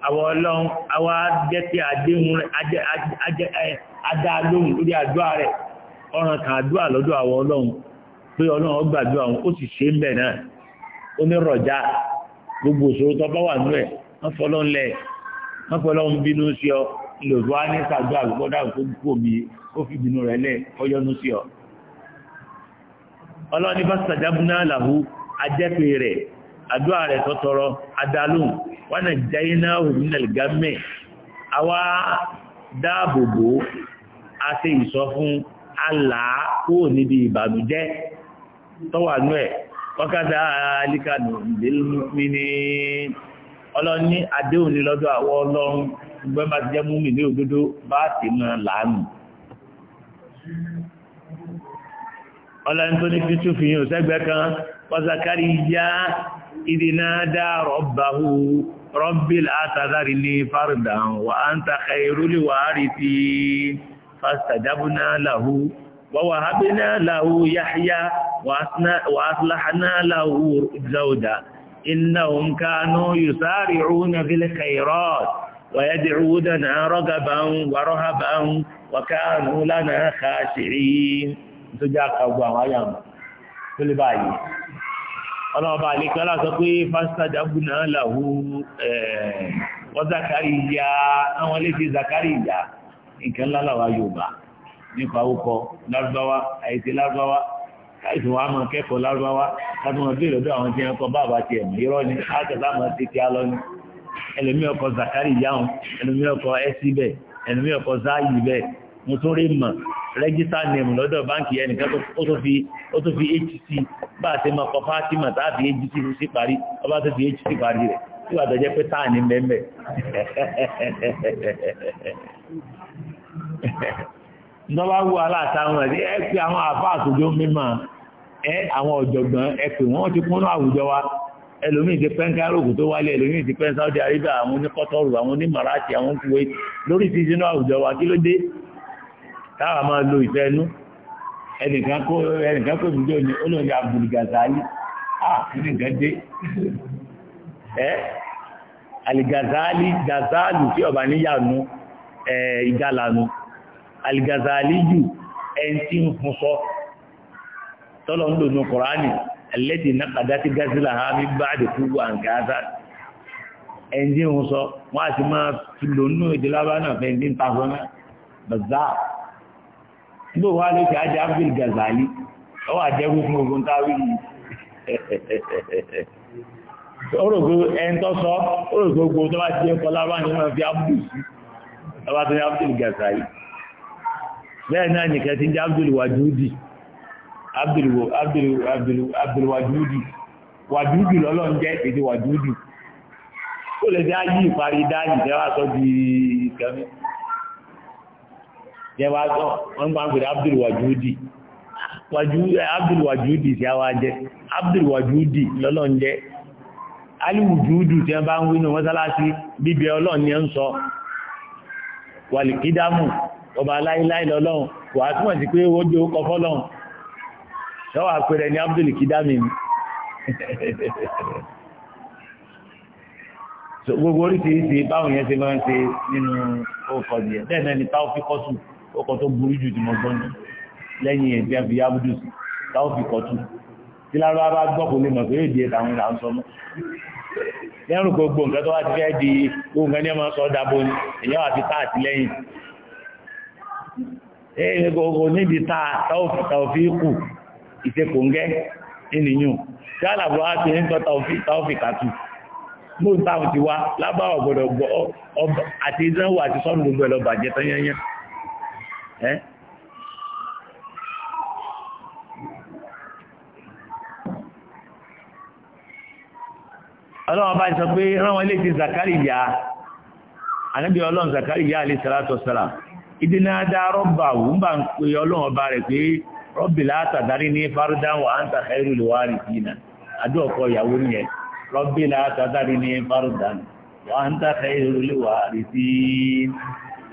àwọn ọlọ́run àwọn ajẹ́tẹ́ àdéhùn adá lóhùn lórí àdúrà rẹ̀ ọ̀ràn kan àdúrà lọ́dọ̀ àwọn ọlọ́run pé ọlọ́run ọgbàdúrà wọn ó sì ṣe ń bẹ̀ náà ó ní rọ̀já gbogbo òṣòro tó bá wà nú ẹ̀ wọ́n fọlọ́ ń lẹ̀ wọ́n fọlọ́ ń bínú sí ọ ìlòdù wa ní sàdúrà lọ́dọ̀ àwọn tó kú omi ó fi bínú rẹ̀ lẹ̀ ọyọ́nú sí ọ ọlọ́run ní pásítà jagun làwù ajẹ́pẹ̀ rẹ̀ àdúrà rẹ̀ tọ́tọrọ adalóhùn wọ́n náà jẹ́ iná òmìnira gámẹ̀ àwa dáàbòbò a ṣe ìsọ fún àlá kúrò níbi ìbànújẹ́ tọ́wà nú ẹ̀ wákàtà alíkànù ìdílùmíní ọlọ́ní adéhùn ní lọ́dọ̀ àwọ ọlọ́run gbọ́n bá ti jẹ́ múmi ní òdodo bá ti mọ́ láàánù ọlọ́ni tó ní fíṣù fi hàn sẹ́gbẹ́ kan وزكريا إذ نادى ربه رب لا تذرني فردا وأنت خير الوارثين فاستجبنا له ووهبنا له يحيى وأصلحنا له زوجا إنهم كانوا يسارعون في الخيرات ويدعوننا رغبا ورهبا وكانوا لنا خاشعين تجاك أبو عيام كل بايه ọlọ́ọ̀bá àlékọ́ aláṣọ pé fásitàjà búnà làwú wọ́n zakari ìyá àwọn léṣe zakari ìyá nǹkan lálàwà yorùbá nípa ókọ lárúbáwá àìsí lárúbáwá káìsì wọn a máa kẹ́kọ̀ọ́ lárúbáwá káàtó wọn bí ìrọ̀dọ̀ àwọn tí wọn kọ bàbá tiẹ̀ mọ̀ irọ́ ni àtẹ̀lá máa ti ti alọ́ ni ẹlòmí zakari ìyá wọn ẹlòmí ọkọ̀ ẹsí bẹ́ẹ̀ záyì bẹ́ẹ̀ mo tún rí mọ̀ rẹ́gísà nìmù lọ́dọ̀ báńkì ẹnìkan ó tó fi hc bá a ṣe mọ kọ fátímọ̀ tá a fi hc sí parí ọba tó fi hc parí rẹ̀ tí wàá tọ́jẹ́ pé táà ní mẹ́mẹ́ lọ́wọ́ *laughs* wo aláàtàwọn ẹ̀ ẹ pé àwọn àfáà àtòjọ́ mímọ̀ ẹ àwọn ọ̀jọ̀gbọ́n ẹ pé wọ́n ti kúnnú àwùjọ wa ẹlòmíì ti pẹ́ńká rògùn tó wálé ẹlòmíì ti pẹ́ńká Saudi Arabia àwọn oníkọ́tọ́rù àwọn onímọ̀ráàtì àwọn kúwé lórí ti sínú àwùjọ wa kí ló dé táwa máa lo ìfẹ́ inú ẹnìkan kó ẹnìkan kó ìdíjọ́ ni olóòjì Abdul-Ghazali ah nínú nǹkan dé ẹ́ Al-Ghazali Ghazali tí ọba níyànú ìgalànú Al-Ghazali jù ẹni tí ń fún sọ tọ́lọ̀ ń lò ní Kùránì ẹlẹ́dì náà kàdátí gázílà ha mi bá dé fún wa nǹkan ẹni tí ń sọ wọ́n á ti máa lò nínú ìdílábà fẹ́ ní ìtàkùn náà ló wá ló ti ajá Abdul Ghazali ọwọ́ àjẹ́wó fún ogun táwí orògbò ẹ̀ńtọ́ sọ orògbò gbogbo tó bá jẹ́ kọlá bá ní wọn fi Abdul sí ọba tó ní Abdul Ghazali bẹ́ẹ̀ náà nìkan ti ń jẹ́ Abdul Wadudi Abdul Abdul Abdul Abdul ó lè jẹ́ ayé ìparí dáàyè tẹ́wàá sọ di ìkẹ́mi jẹ́ wá sọ wọ́n gbá ń pèrè Abdul Abdulwajudi Abdul Wajudi sí àwọn ajẹ́ eh, Abdul lọ́lọ́n jẹ́ aliwujudu tí wọ́n bá ń wí ní mọ́sálásí bíbẹ̀ ọlọ́run ni ó ń sọ wàlìkídámù ọba aláìláì lọ́lọ́run kò á túnmọ̀ sí pé ó jẹ́ ó kọfọ́ lọ́run lọ́wọ́ àpẹẹrẹ ní Abdul kídámì *laughs* gbogbo oríṣiríṣi báwọn yẹn ṣe máa ń ṣe nínú ọkọ̀ nìyẹn bẹ́ẹ̀ náà ni táwọn fi kọ́ sùn ọkọ̀ tó burú jù tí mo gbọ́ ní lẹ́yìn ẹ̀dí àfi yábùdù táwọn fi kọ̀ tù tí lárúbá bá gbọ́ kò lè mọ̀ pé èdè táwọn là ń sọ mọ́ lẹ́rù gbogbo nǹkan tó wá ti fẹ́ di ohun kan ní ọmọ sọ dábò ní èyàn àti tá àtìlẹ́yìn ẹ̀yìn gbogbo níbi tá tàòfí kù ìsekòǹgẹ́ ènìyàn tí alàbò á ti ń tọ́ tàòfí kàtù mú táwọn ti wá lábáwọ̀ gbọ́dọ̀ gbọ́ àti ìdánwò àti sọ́nù gbogbo ẹ̀lọ bàjẹ́ tán yányán ẹ́ ọlọ́wọ́ bá sọ pé ránwọ́ ilé ti zakariya anábí ọlọ́run zakariya alẹ́ sàlátọ̀sára ìdínà dá rọ́bà wùn bá ń pè ọlọ́run ọba rẹ̀ pé rọ́bì látàdárí ní fárúdáwà ń tà ẹrù jìnà adó ọkọ ìyàwó rọ́bì ní ń ẹrù jìnà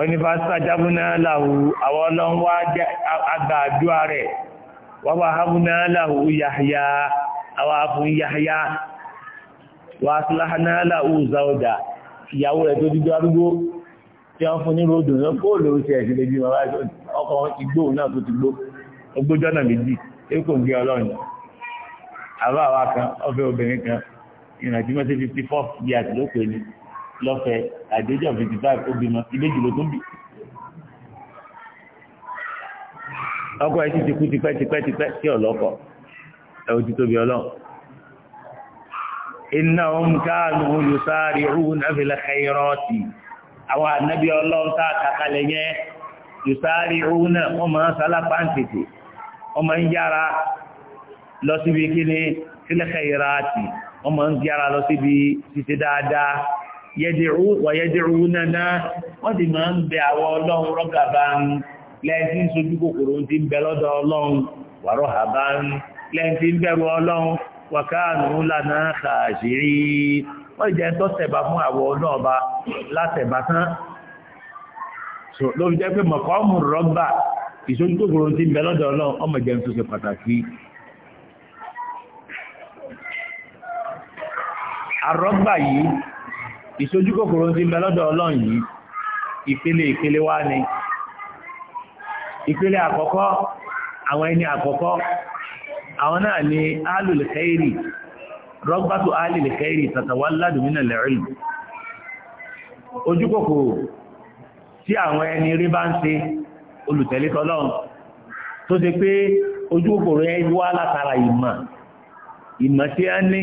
onífàsá jábúná làwù àwọn ọlọ́run wá àgbà àdúrà rẹ̀ wọ́n wá hábúná làwù yahya àwọn afún yàhíyá wọ́n asúláháná làwù záwọ́dà ìyàwó rẹ̀ tó dídó arúgbó tí wọ́n fún ní ròdùn ti kan kan ìrìnàjò mẹ́sẹ̀ fifty four bí àtìlópin ni lọ́fẹ̀ẹ́ àdéjọ́ fifty five ó bímọ ìbejì ló tún bí. ọkọ ẹ ti ti kú tipẹ́ tipẹ́ tipẹ́ tí ọlọ́kọ ẹ ò ti tóbi ọlọ́run. innahum kanu yusari'una fil khayrati àwọn ànábì ọlọ́run tá a kàkálẹ̀ yẹn yusari'una wọ́n máa ń sálápá ń wọ́n máa ń yára lọ síbi kí ni fil khayrati wọ́n mọ̀ ń yára lọ síbi títí dáadáa yẹ́dìrú wọ̀yẹ́dìrú náà wọ́n ti máa ń bẹ àwọ ọlọ́run rọ́gà bá ń lẹ́yìn tí ń sojú kòkòrò ti ń bẹ lọ́dọ̀ ọlọ́run wàrọ̀ àbá ń lẹ́yìn tí ń bẹ̀rù ọlọ́run wàkáànù lànà kàṣírí wọ́n jẹ́ tó fún àwọ ọlọ́ọ̀ba látẹ̀bà tán ló jẹ́ pé mọ̀kọ́ mú rọ́gbà ìsojú kòkòrò ti ń bẹ lọ́dọ̀ ọlọ́run ọmọ jẹun tó ṣe àrọ́gbà yìí ìṣojú kòkòrò ti bẹ lọ́dọ̀ ọlọ́run yìí ìpele ìpele wá ni ìpele àkọ́kọ́ àwọn ẹni àkọ́kọ́ àwọn náà ni alùlù kẹ́rì rọ́gbàtù alùlù kẹ́rì tàtàwà ládùmínà lẹ́rìn ojú kòkòrò tí àwọn ẹni rí bá ń ṣe olùtẹ̀lé tọ́lọ́run tó ṣe pé ojú kòkòrò yẹn wá látara ìmọ̀ ìmọ̀ tí a ní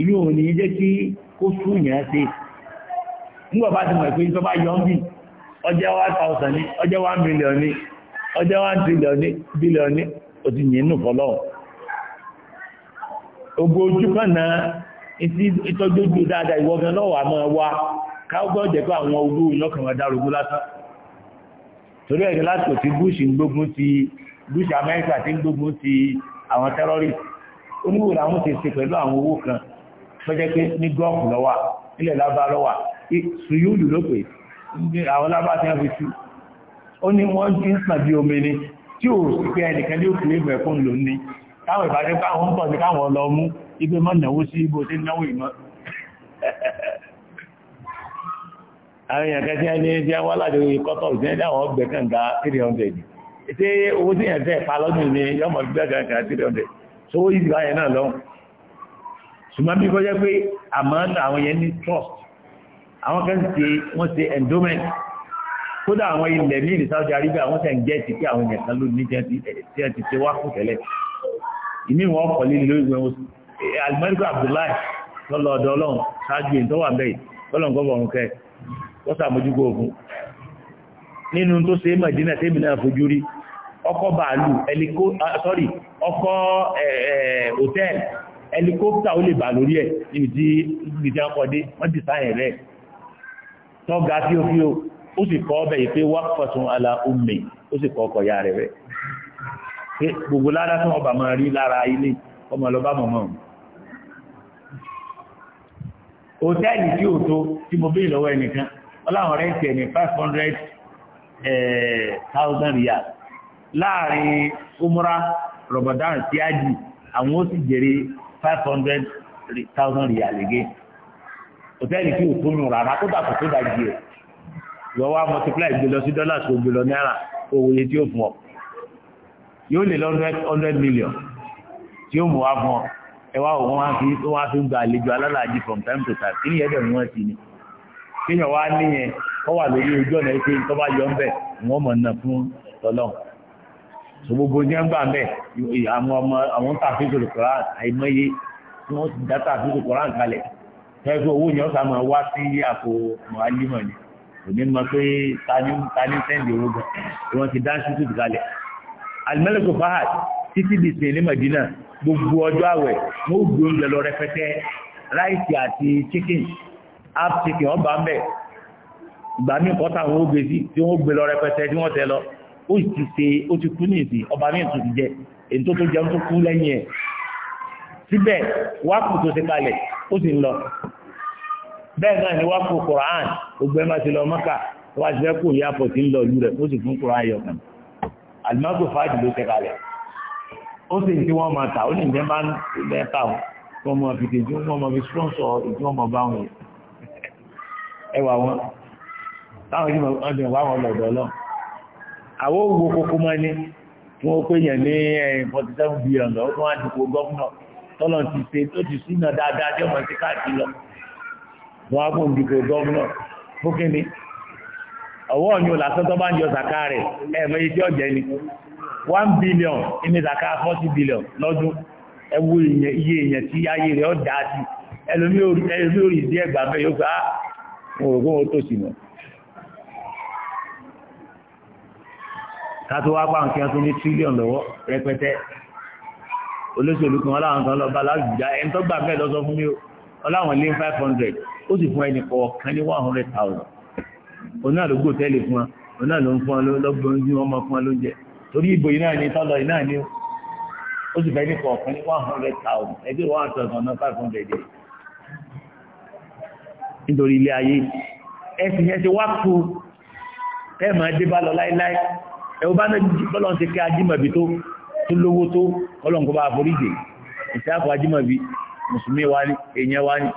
ìlú òun ní jẹ́ kí kó súnyàn ṣe nígbà bá ti mọ̀ pé tó bá yọ ń bì ọjọ́ one ní ọjọ́ one million ní ọjọ́ one trillion ní billion ní o ti yìn nù fọlọ́ ogbó ojú kan náà ìtọ́jú ojú dáadáa ìwọ gan lọ́wọ́ àmọ́ wa káwọ́ jẹ́ pé àwọn olú ìlọ́kàn wa dárogó lásán torí ẹ̀rẹ́ lásìkò tí bush gbógun ti bush amẹ́ríkà ti gbógun ti àwọn tẹ́rọ́rì oníwòrán àwọn ti ṣe pẹ̀lú àwọn owó kan tọ́jẹ́ pé ní gọ́ọ̀fù lọ́wà ilẹ̀ lábá lọ́wà sùúlù ló pè àwọn lábá tí a fi sí ó ní wọ́n jí ń sàn bí omi ni tí ò sí pé ẹnìkan ní òkú ìbẹ̀ fún lò ní káwọn ìbájẹ́ káwọn ń bọ̀ sí káwọn lọ mú ibẹ̀ mọ́ náwó sí ibo tí náwó ìmọ̀ àwọn èèyàn kẹ́kẹ́ ẹni tí wọ́n láti orí kọ́tọ̀ ìdílé àwọn ọgbẹ̀ kànga 300 ṣé owó tí èèyàn tẹ̀ pa lọ́dún ní yọmọ gbẹ̀gàn 300 sówó yìí báyẹn náà lọ́wọ́ ṣùgbọ́n bí kọjá pé àmọ́ àwọn yẹn ní trust àwọn kan ṣe wọ́n ṣe endowment kódà àwọn ilẹ̀ míì ní Saudi Arabia wọ́n ṣe ń jẹ́ ti pé àwọn èèyàn kan ló ní tí wọ́n ti ṣe wá kù tẹ́lẹ̀ ìmí wọn kọ̀ líle lórí ìwé oṣù alimẹ́ríkà Abdullahi lọ́lọ́ ọ̀dọ̀ ọlọ́run ṣáájú èyí tó wà bẹ́ẹ̀ lọ́lọ́run kọ́ bọ̀rùn kẹ́ wọ́n ṣàmójúgbò òfin nínú tó ṣe Mẹ̀dínà tẹ́mi náà fojú rí ọkọ̀ bàálù ẹ̀líkó sọ́rí ọkọ̀ hòtẹ́ẹ̀lì ẹlikópítà ó lè bà lórí ẹ̀ níbi tí ibi tí wọ́n kọ́ dé wọ́n ti sáyẹn rẹ̀ tọ́ga fíofío ó sì kọ́ ọbẹ̀ yìí pé wá fọ̀tún ala umme ó sì kọ́ ọkọ̀ ya rẹ̀ rẹ̀ pé gbogbo lára tí wọ́n bà máa rí lára ilé ọmọ lọ mọ̀mọ́ hòtẹ́ẹ̀lì tí ò tó tí mo bí lọ́wọ́ ẹnìkan wọ́n láwọn rẹ́ǹtì ẹ̀ five hundred eh, thousand riyal láàrin umra ramadan sí àjì àwọn ó sì jèrè five hundred thousand riyal again hòtẹ́ẹ̀lì tí ò tó nù rárá kó dàpọ̀ tó dàjì ẹ̀ yọ wá multiply gbé lọ sí dollars kò gbé lọ náírà owó yẹ tí ó fún ọ yóò lè lọ hundred million tí ó mú wá fún ọ ẹ wá òun wá fi wá fi ń gba àlejò alálàájì from time to time kí ni ẹ̀dẹ̀ wọn ti ni kéèyàn wá níyẹn kọ́ wà lórí ojú ọ̀nà ìpè tó bá yọ ń bẹ̀ wọ́n mọ̀ náà fún tọ́lọ́hùn so gbogbo ní ẹgbà mẹ́ àwọn ọmọ àwọn tàfíìsì koran àìmọye tí wọ́n ti dá tàfíìsì koran kalẹ̀ fẹ́ẹ́ owó yẹn ọ̀sà máa wá sí àpò mọ̀álímọ̀ ni òní mọ̀ pé tani sẹ́ndì owó gan tí wọ́n ti dá ṣútù kalẹ̀ alimẹ́lẹ́kọ̀ fahad títí di sèé ní Madina gbogbo ọjọ́ àwẹ̀ wọ́n ó gbé oúnjẹ lọ rẹpẹtẹ ráìsì àti chicken half chicken ọba mẹ́ ìgbà míì kọ́ta wọn ó gbé sí tí wọ́n ó gbé lọ rẹpẹtẹ tí wọ́n tẹ lọ ó ti ṣe ó ti kú ní ìsìn ọba míì tó ti jẹ èyí tó tó jẹun tó kú lẹ́yìn ẹ̀ síbẹ̀ wákù tó ti kalẹ̀ ó sì ń lọ bẹ́ẹ̀ náà ni wákù koran gbogbo ẹ̀ máa ti lọ mọ́kà wá sí fẹ́ kó ìyá pọ̀ sí ń lọ ìlú rẹ̀ ó sì fún koran yọ kàn àlùmọ́kò fáàdì ló ti kalẹ̀ ó sì ń tí wọ́n máa tà ó ní ìjẹ́ bá ń bẹ́ẹ̀ kà ó kí wọ́n máa fi tèjú wọ́n máa fi sponsor ìjú wọn máa bá wọn yẹ ẹwà wọn táwọn ìjọba ọdún ìwà wọn lọ̀dọ̀ àwọn ògbó kókó mọ́ ni tí wọ́n pè yàn ní forty seven billion lọ fún àdìpọ̀ gọ́fúnà tọ́lọ̀ ti ṣe tó ti dáadáa wọ́n ti káàkiri lọ wọ́n á fún ìdìbò gọ́fúnà fúnkẹ́ ni ọwọ́ ọ̀yún bá ń zaka rẹ̀ iye tí ó jẹ́ ni one billion ní zaka forty billion lọ́dún ẹ wo iye tí ayé rẹ̀ kátó wá pa nǹkan tó ní tírílíọ̀nù lọ́wọ́ rẹpẹtẹ olóṣèlú kan ọláwọn kan lọ́ba lágbèjà ẹni tó gbà bẹ́ẹ̀ lọ́sọ fún mi o ọláwọn lé five hundred ó sì fún ẹnì kọ̀ọ̀kan ní one hundred thousand òun náà ló gbò tẹ́lẹ̀ fún wa òun náà ló ń fún wa lọ́gbọ̀n ojú wọn máa fún wa lóúnjẹ torí ìbò yìí náà ni tọ́lọ̀ yìí náà ni ó sì fẹ́ ní kọ̀ọ̀kan ní one hundred thousand ẹgbẹ́ one thousand náà five hundred yìí nítorí ilé ayé ẹsìn yẹn ti wá kú ẹ máa dé bá lọ láéláé ẹwọ bá bọ́lọ́n ti kẹ́ ajímọ̀bí tó tó lówó tó ọlọ́n kó bá foríjì ìsáàkù ajímọ̀bí mùsùlùmí wa ní èèyàn wa ní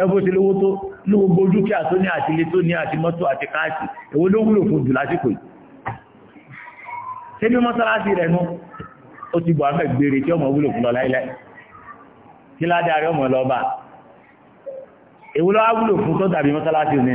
ẹwọ bó ti lówó tó ní gbogbo dúkìá tó ní àti ilé tó ní àti mọ́tò àti káàsì èwo ló wúlò fún jù lásìkò yìí ṣé bí mọ́sálásí rẹ̀ nú ó ti bọ̀ àmẹ́ gbére tí ọmọ wúlò fún lọ láíláí kí ládàá rẹ̀ ọmọ lọ bá èwo lọ́wọ́ wúlò fún tó dàbí mọ́sálásí òní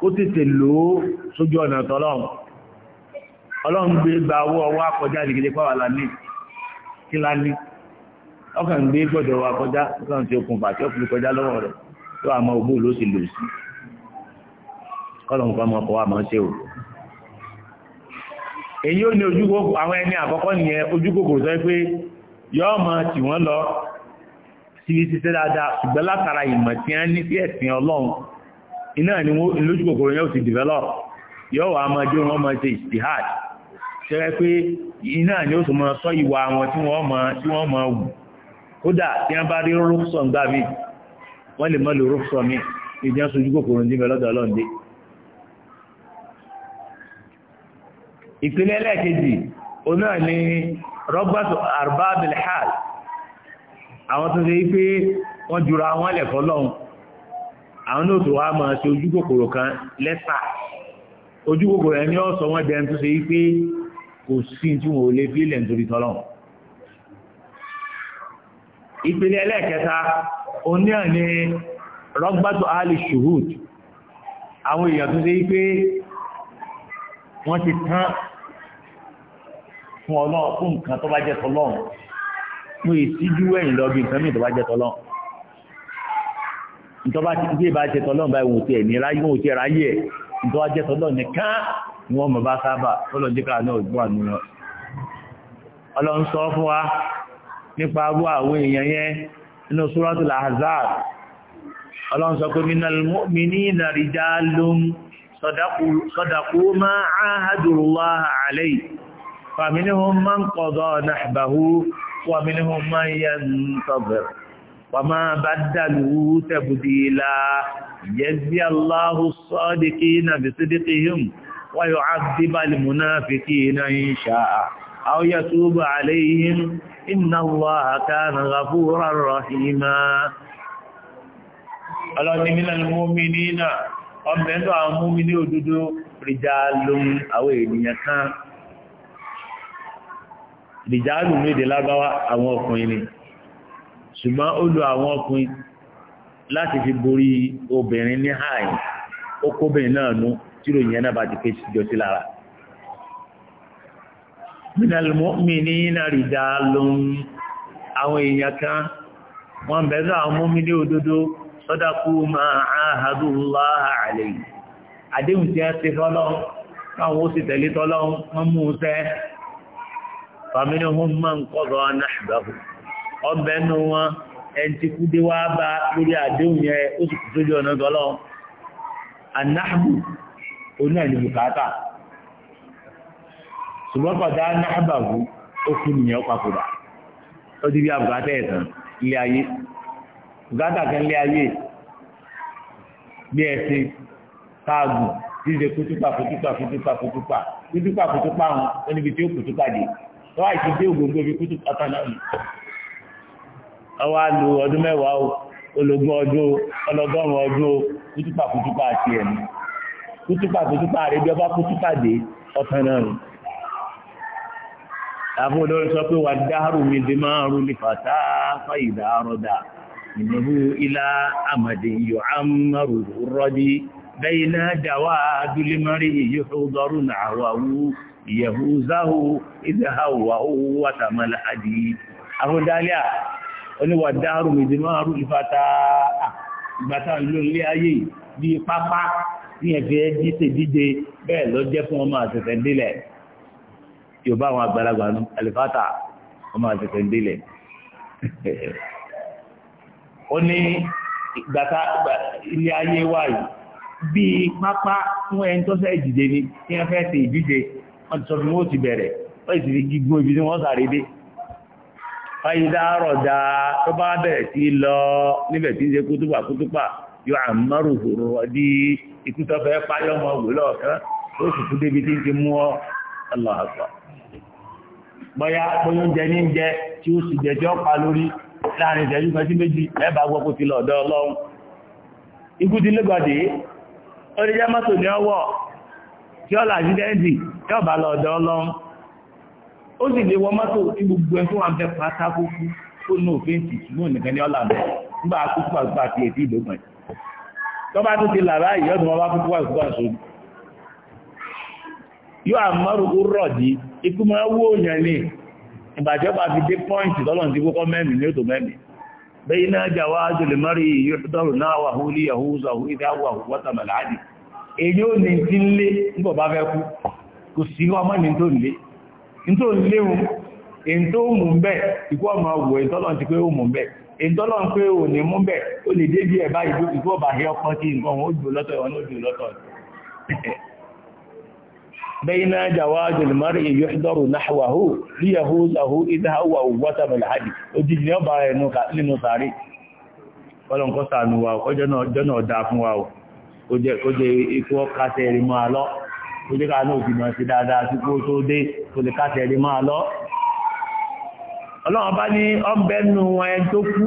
kó tètè lò ó sójú ọ̀nà tọ́lọ́run ọlọ́run gbé gba owó ọwọ́ akọjá ìdíkejì pàwọ́ lánìí kí lánìí ọkàn gbé gbọ́dọ̀ wa kọjá ọkàn tí okùnfà tí ọkùnrin kọjá lọ́wọ́ rẹ̀ tó àmọ́ ògbó ló sì lò sí kọ́lọ̀mù kọ́mọ ọkọ̀ wa máa ń iná ni lójú kòkòrò yẹn ti develop yóò wá máa jẹ́ wọn máa ṣe ìsìhàd ṣẹ́rẹ́ pé iná ni ó sì máa sọ ìwà wọn tí wọ́n máa tí wọ́n máa wù kódà tí wọ́n bá rí rúfsọ̀ gbà mí wọ́n lè má lo rúfsọ̀ mi ìdí wọn kòkòrò ní ìbẹ̀lọ́dọ̀ ọlọ́ọ̀dẹ́ ìpínlẹ̀ ẹlẹ́ẹ̀kejì oná ni rọ́gbàtò arbábìlhàl àwọn tó ṣe wípé wọ́n jura wọn lẹ̀kọ́ lọ́hùn àwọn náà tó wá máa ṣe ojú kòkòrò kan lẹ́sà ojú kòkòrò ẹni ọ̀sọ̀ wọn jẹun tó ṣe yí pé kò sí tí wọn ò lè fi ilẹ̀ nítorí tọ́lọ̀ ìpele ẹlẹ́ẹ̀kẹta oníyàn ni rọ́gbàtò ali shuhud àwọn èèyàn tó ṣe yí pé wọ́n ti tán fún ọlọ́ fún nǹkan tó bá jẹ́ tọ́lọ́ fún ìtìjú ẹ̀yìn lọ bí nǹkan mìíràn tó bá jẹ́ tọ́lọ́ ìjọba ti gbé bá jẹ́ tọ́lọ́mbà ìwọ̀n ti ẹ̀ ní ráyé wọn ò ti ẹ̀ ráyé ẹ̀ ìjọba jẹ́ tọ́lọ́ nìkan ni wọ́n mọ̀ bá sábà ọlọ́dẹ́ká náà gbọ́ àmì wọn ọlọ́run sọ fún wa nípa abú àwọn èèyàn yẹn nínú Suratul Ahzab ọlọ́run sọ pé minal mu'minina rijalun sadaqu ma ahadullaha alayhi fa minhum man qada nahbahu wa minhum man yantazir وما بدلوا تبديلا يجزي الله الصادقين بصدقهم ويعذب المنافقين إن شاء أو يتوب عليهم إن الله كان غفورا رحيما الله من المؤمنين ọmọ ẹ̀ndọ́ àwọn múmini òdúdó rìjálùm àwọn ènìyàn kan rìjálùm ní lágbáwá àwọn ọkùnrin ni ṣùgbọ́n ó lo àwọn ọkùnrin láti fi borí obìnrin ní hàì ó kóbìnrin náà nú tí ròyìn yẹn náà bá ti pé jọ sí lára. minal mu'minina rijalun àwọn èèyàn kan wọ́n bẹ̀rẹ̀ àwọn mọ́mìnì òdodo sọ́dákú máa àhàdù láà àlè àdéhùn tí a ti fọ́lọ́un káwọn ó sì tẹ̀lé tọ́lọ́un wọ́n mú un sẹ́ fàmílì hún máa ń kọ́ ọbẹ̀ nù wọn ẹni tí kú dé wá bá lórí àdéhùn yẹn ó sì kú sójú ọ̀nà gọ́lọ́ anáhàbù onú ẹ̀ ní bùkátà ṣùgbọ́n kọ̀dá anáhàbàbù ó kú nìyẹn papòdà ó ẹ̀ tán ilé ayé kan ilé ayé bí kútúpà kútúpà kútúpà kútúpà kútúpà kútúpà wọn ó níbi tí ó kútúpà dé àìsí dé ògbóngbó bí kútúpà kan ọwá lu ọdún mẹ́wàá o ológun ọjọ́ ọlọ́gọ́rùn ọjọ́ kútúpà kútúpà àti ẹ̀mí kútúpà kútúpà rẹ̀ bí ọba kútúpà dé ọ̀tàn náà rẹ̀ àbúrò lórí sọ pé wà dáhùn mi dé máa rú ní fàtà fàyìdà rọ̀dà ìnáwó ilá àmàdé iyọ̀ àmàrò rọ́dí bẹ́yìn náà dàwà abúlé mọ́rí ìyó ọgọ́rù nàárọ̀ àwú ìyẹ̀húzáhù ìdáhàwà owó wàtàmọ́lá àdìyí àbúdálíà oníwà dáàrù mèdè máa rú ìfàtà ìgbàtà ìlú ilé ayé bí pápá ní ẹ̀fẹ́ díṣe díje bẹ́ẹ̀ lọ jẹ́ fún ọmọ àtẹ̀tẹ̀ délẹ̀ yóò bá àwọn àgbàlagbà nù àlìfàtà ọmọ àtẹ̀tẹ̀ délẹ̀ ó ní ìgbàtà ilé ayé wà yìí bí pápá fún ẹni tó fẹ́ ìdíje ni kí wọ́n fẹ́ ṣe ìdíje wọ́n ti sọ fún wọn ó ti bẹ̀rẹ̀ wọ́n ti fàyídárọ̀dá tó bá bẹ̀rẹ̀ sí lọ níbẹ̀ tí ń ṣe yóò àmọ́rù ọdí páyọ́mọ ó sì débi tí ń ti mú ọ bọ́yá oúnjẹ ní jẹ tí ó sì jẹ tí ó pa lórí láàrin ìṣẹ́jú kan sí méjì ẹ̀bà gbọ́kú ti lọ̀dọ̀ ọlọ́run ikú ti lẹ́gbàdé ó mọ́tò ó sì lè wọ mọ́tò tí gbogbo ẹ̀ tó wà ń bẹ pátákó kú ó ní òfin tì ṣùgbọ́n nìkan ní ọ̀là mẹ́ nígbà akókó àgbà àti èdè ìlókàn tọ́ba tó ti làrá yìí ọdún ọba akókó àgbà sódì yóò àmọ́rù rọ̀ dí ikú máa wó òyìn ní ìbàjẹ́ bá fi dé pọ́ìntì lọ́lọ́n ti kókọ́ mẹ́mì ní òtò mẹ́mì bẹ́yìn náà jà wá jùlẹ̀ mọ́rí yóò tó ń léhun èyí tó mú bẹ́ ikú ọmọ wò èyí tọ́lọ́n ti pé ó mú bẹ́ èyí tọ́lọ́n pé ní mú bẹ́ ó lè dé bí ọba hẹ́ ọkàn kí nǹkan ó jù lọ́tọ̀ ìwọ̀n ó jù lọ́tọ̀ بين جواز المرء يحضر نحوه ليهوزه إذا هو الحدي ó jẹ́ káà náà jìnà sí dáadáa sí kó tó dé tó lè káṣẹ̀ lè máa lọ ọlọ́run bá ní ọ̀bẹ́nu ẹni tó kú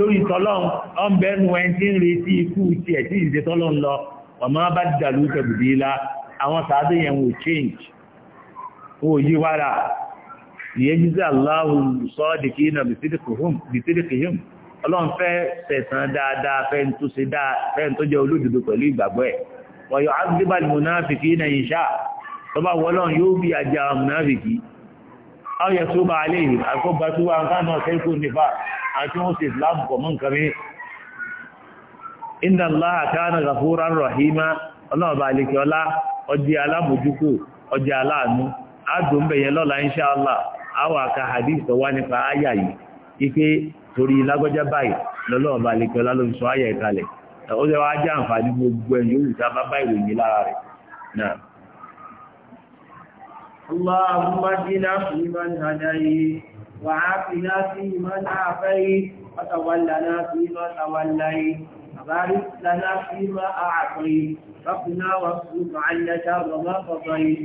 lórí tọ́lọ́run ọ̀bẹ́nu ẹni tí ń retí ikú tiẹ̀ tí ìṣe tọ́lọ́run lọ ọmọ bá dàlú tẹ̀bùdílá àwọn sàádé yẹn wò change wò yí wára ìyẹ́jísí aláhùn sọ́ọ̀dìkì ọlọ́run fẹ́ tẹ̀sán dáadáa fẹ́ tó jẹ́ olódodo pẹ̀lú ìgbàgbọ́ ẹ̀ wọ̀yọ̀ azibal munafiki na ìṣá tó bá wọ́lọ́n yóò bí ajá munafiki ọ̀yẹ̀ tó bá alẹ́ yìí àkóbá tó wà nǹkan náà sẹ́kù nípa àti wọ́n sì islam pọ̀ mọ́ nǹkan mi inna allah kana ghafuran rahima ọlọ́run bá alẹ́ kí ọlá ọdí alábòjúkò ọjà aláàánú adùnbẹ̀yẹ lọ́la inṣáàlá àwọn àka torí lágbọ́já báyìí lọ́lọ́ọ̀bá alẹ́kẹ́ ọlá ló ń sọ ó jẹ́ wá jẹ́ àǹfààní gbogbo ẹ̀yìn olùsá bá bá ìròyìn lára rẹ̀ náà. اللهم اهدنا فيمن هديت وعافنا فيمن عافيت وتولنا فيما توليت وبارك لنا فيما اعطيت وقنا واصرف عنا شر ما قضيت